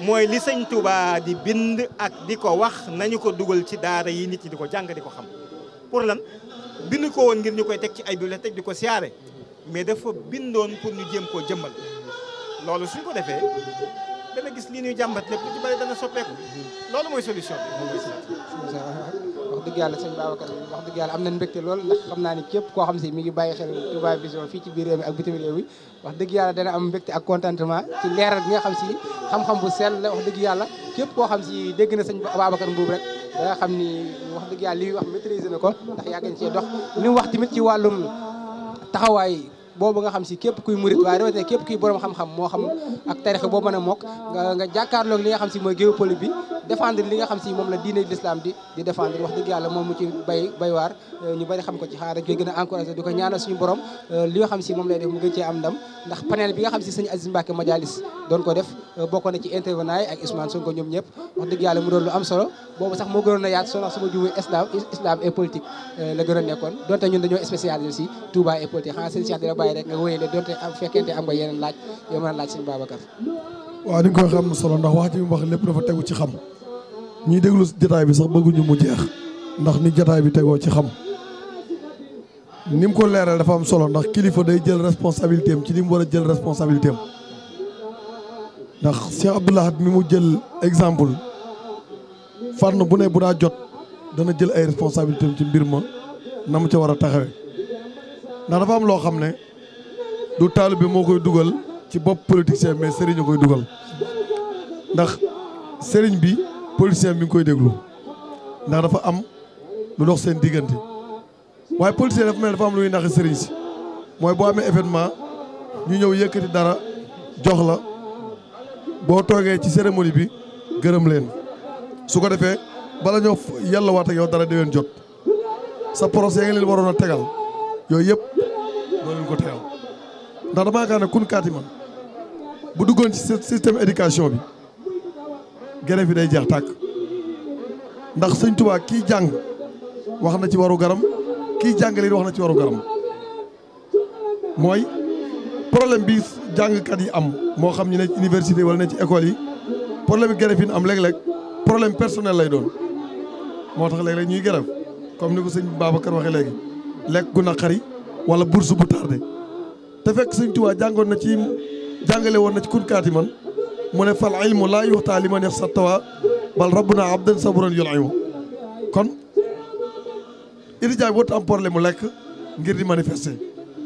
mooy li sañ Touba di bind ak di ko wax nañu ko dugal ci daara yi nit ñi di ko jàng di ko xam pour lan bind ko woon ngir ñu koy teg ci ay bibliothèque di ko siyaare mais dafa bindoon pour ñu jéem koo jëmmal loolu suñ ko defee dana gis lii nuy jàmbat lépp ci bari dana soppeeku loolu mooy solution bi. wax dëgg yàlla sëñ Babacar wax dëgg yàlla am nañ mbégte lool naa ni képp koo xam si mi ngi bàyyi xel Touba wax dëgg yàlla dana am mbégte ak contentement ci leeral bi nga xam si xam-xam bu sell wax dëgg yàlla képp koo xam si dégg na sëñ Babacar Mbuub rek danga xam ni wax dëgg yàlla li wax maîtriser na ko ndax yàgg nañ cee dox li mu wax tamit ci wàllum taxawaay boobu nga xam si képp kuy murit waaye rawatina képp kuy borom xam-xam moo xam a xam si mooy géopolitique bi défendre li nga xam si moom la diine moom mu ci bay bay euh, xam ko ci xaar rek koy ko ñaanal suñu borom euh, li nga xam si moom lay def mu bi nga xam si sëñ Aziz Mbacke Madialis ko def euh, bokkoon na ci intervenant yi ak Ousmane Sonko ñoom moo gënoon a yaat si Touba bàyyi rek nga wéyale donte am fekkente am nga yeneen laaj a laaj suñu Babacar waaw ni nga koy xam solo ndax wax ji mu wax lépp dafa tegu ci xam ñuy déglu jataay bi sax bëgguñu mu jeex ndax ni jataay bi tegoo ci xam ni mu ko leeral dafa am solo ndax kilifa day jël responsabilité am ci li mu war a jël responsabilité am ndax Cheikh Abdou Lahad mi mu jël exemple na bu ne bu daa jot dana jël ay responsabilité ci mbir ma na mu ca war a taxawe ndax dafa am loo xam ne du taalu bi moo koy dugal ci bopp politicien mais sëriñ a koy dugal ndax sëriñ bi politicien bi ngi koy déglu ndax dafa am lu dox seen diggante waaye politicien dafa mel dafa am lu ñuy naxe sëriñ si mooy boo amee événement ñu ñëw yëkkati dara jox la boo toogee ci cérémonie bi gërëm leen su ko defee bala ñoo yàlla waat ak yow dara deween jot sa procès yi nga waroon a tegal yooyu yëpp doo leen ko tegal ndax damaa yaakaar ne kun kaati ma bu duggoon ci système éducation bi grève yi day jeex tàkk ndax sëñ Tuubaa kii jàng wax na ci waru garam kii jàngale wax na ci waru garam mooy problème bi kat yi am moo xam ñu ne ci université wala ne ci école yi problème grève yi ñu am léeg-léeg problème personnel lay doon moo tax léeg-léeg ñuy grève comme ni ko sëñ Babacar waxee léegi lekk ku naqari wala bourse bu tardé te fekk sëñ Tuubaa jàngoon na ci jàngale woon na ci kun kaati man mu ne fal ilmu laa yuxtaa liman yax sa wa bal rabbuna abdan saburan yul ilmu kon étudiant bi wut am problème mu lekk ngir di manifester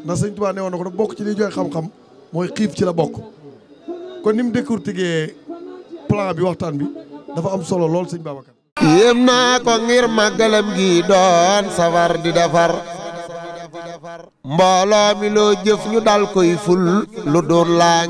ndax sëñ Tuubaa ne woon na ko daf bokk ci liy joxe xam-xam mooy xiif ci la bokk kon ni mu décortiquer plan bi waxtaan bi dafa am solo lool sëñ Babacar yéem naa ko ngir màggalam gi doon safar di defar mbooloo mi loo jëf ñu dal koy ful lu doon laa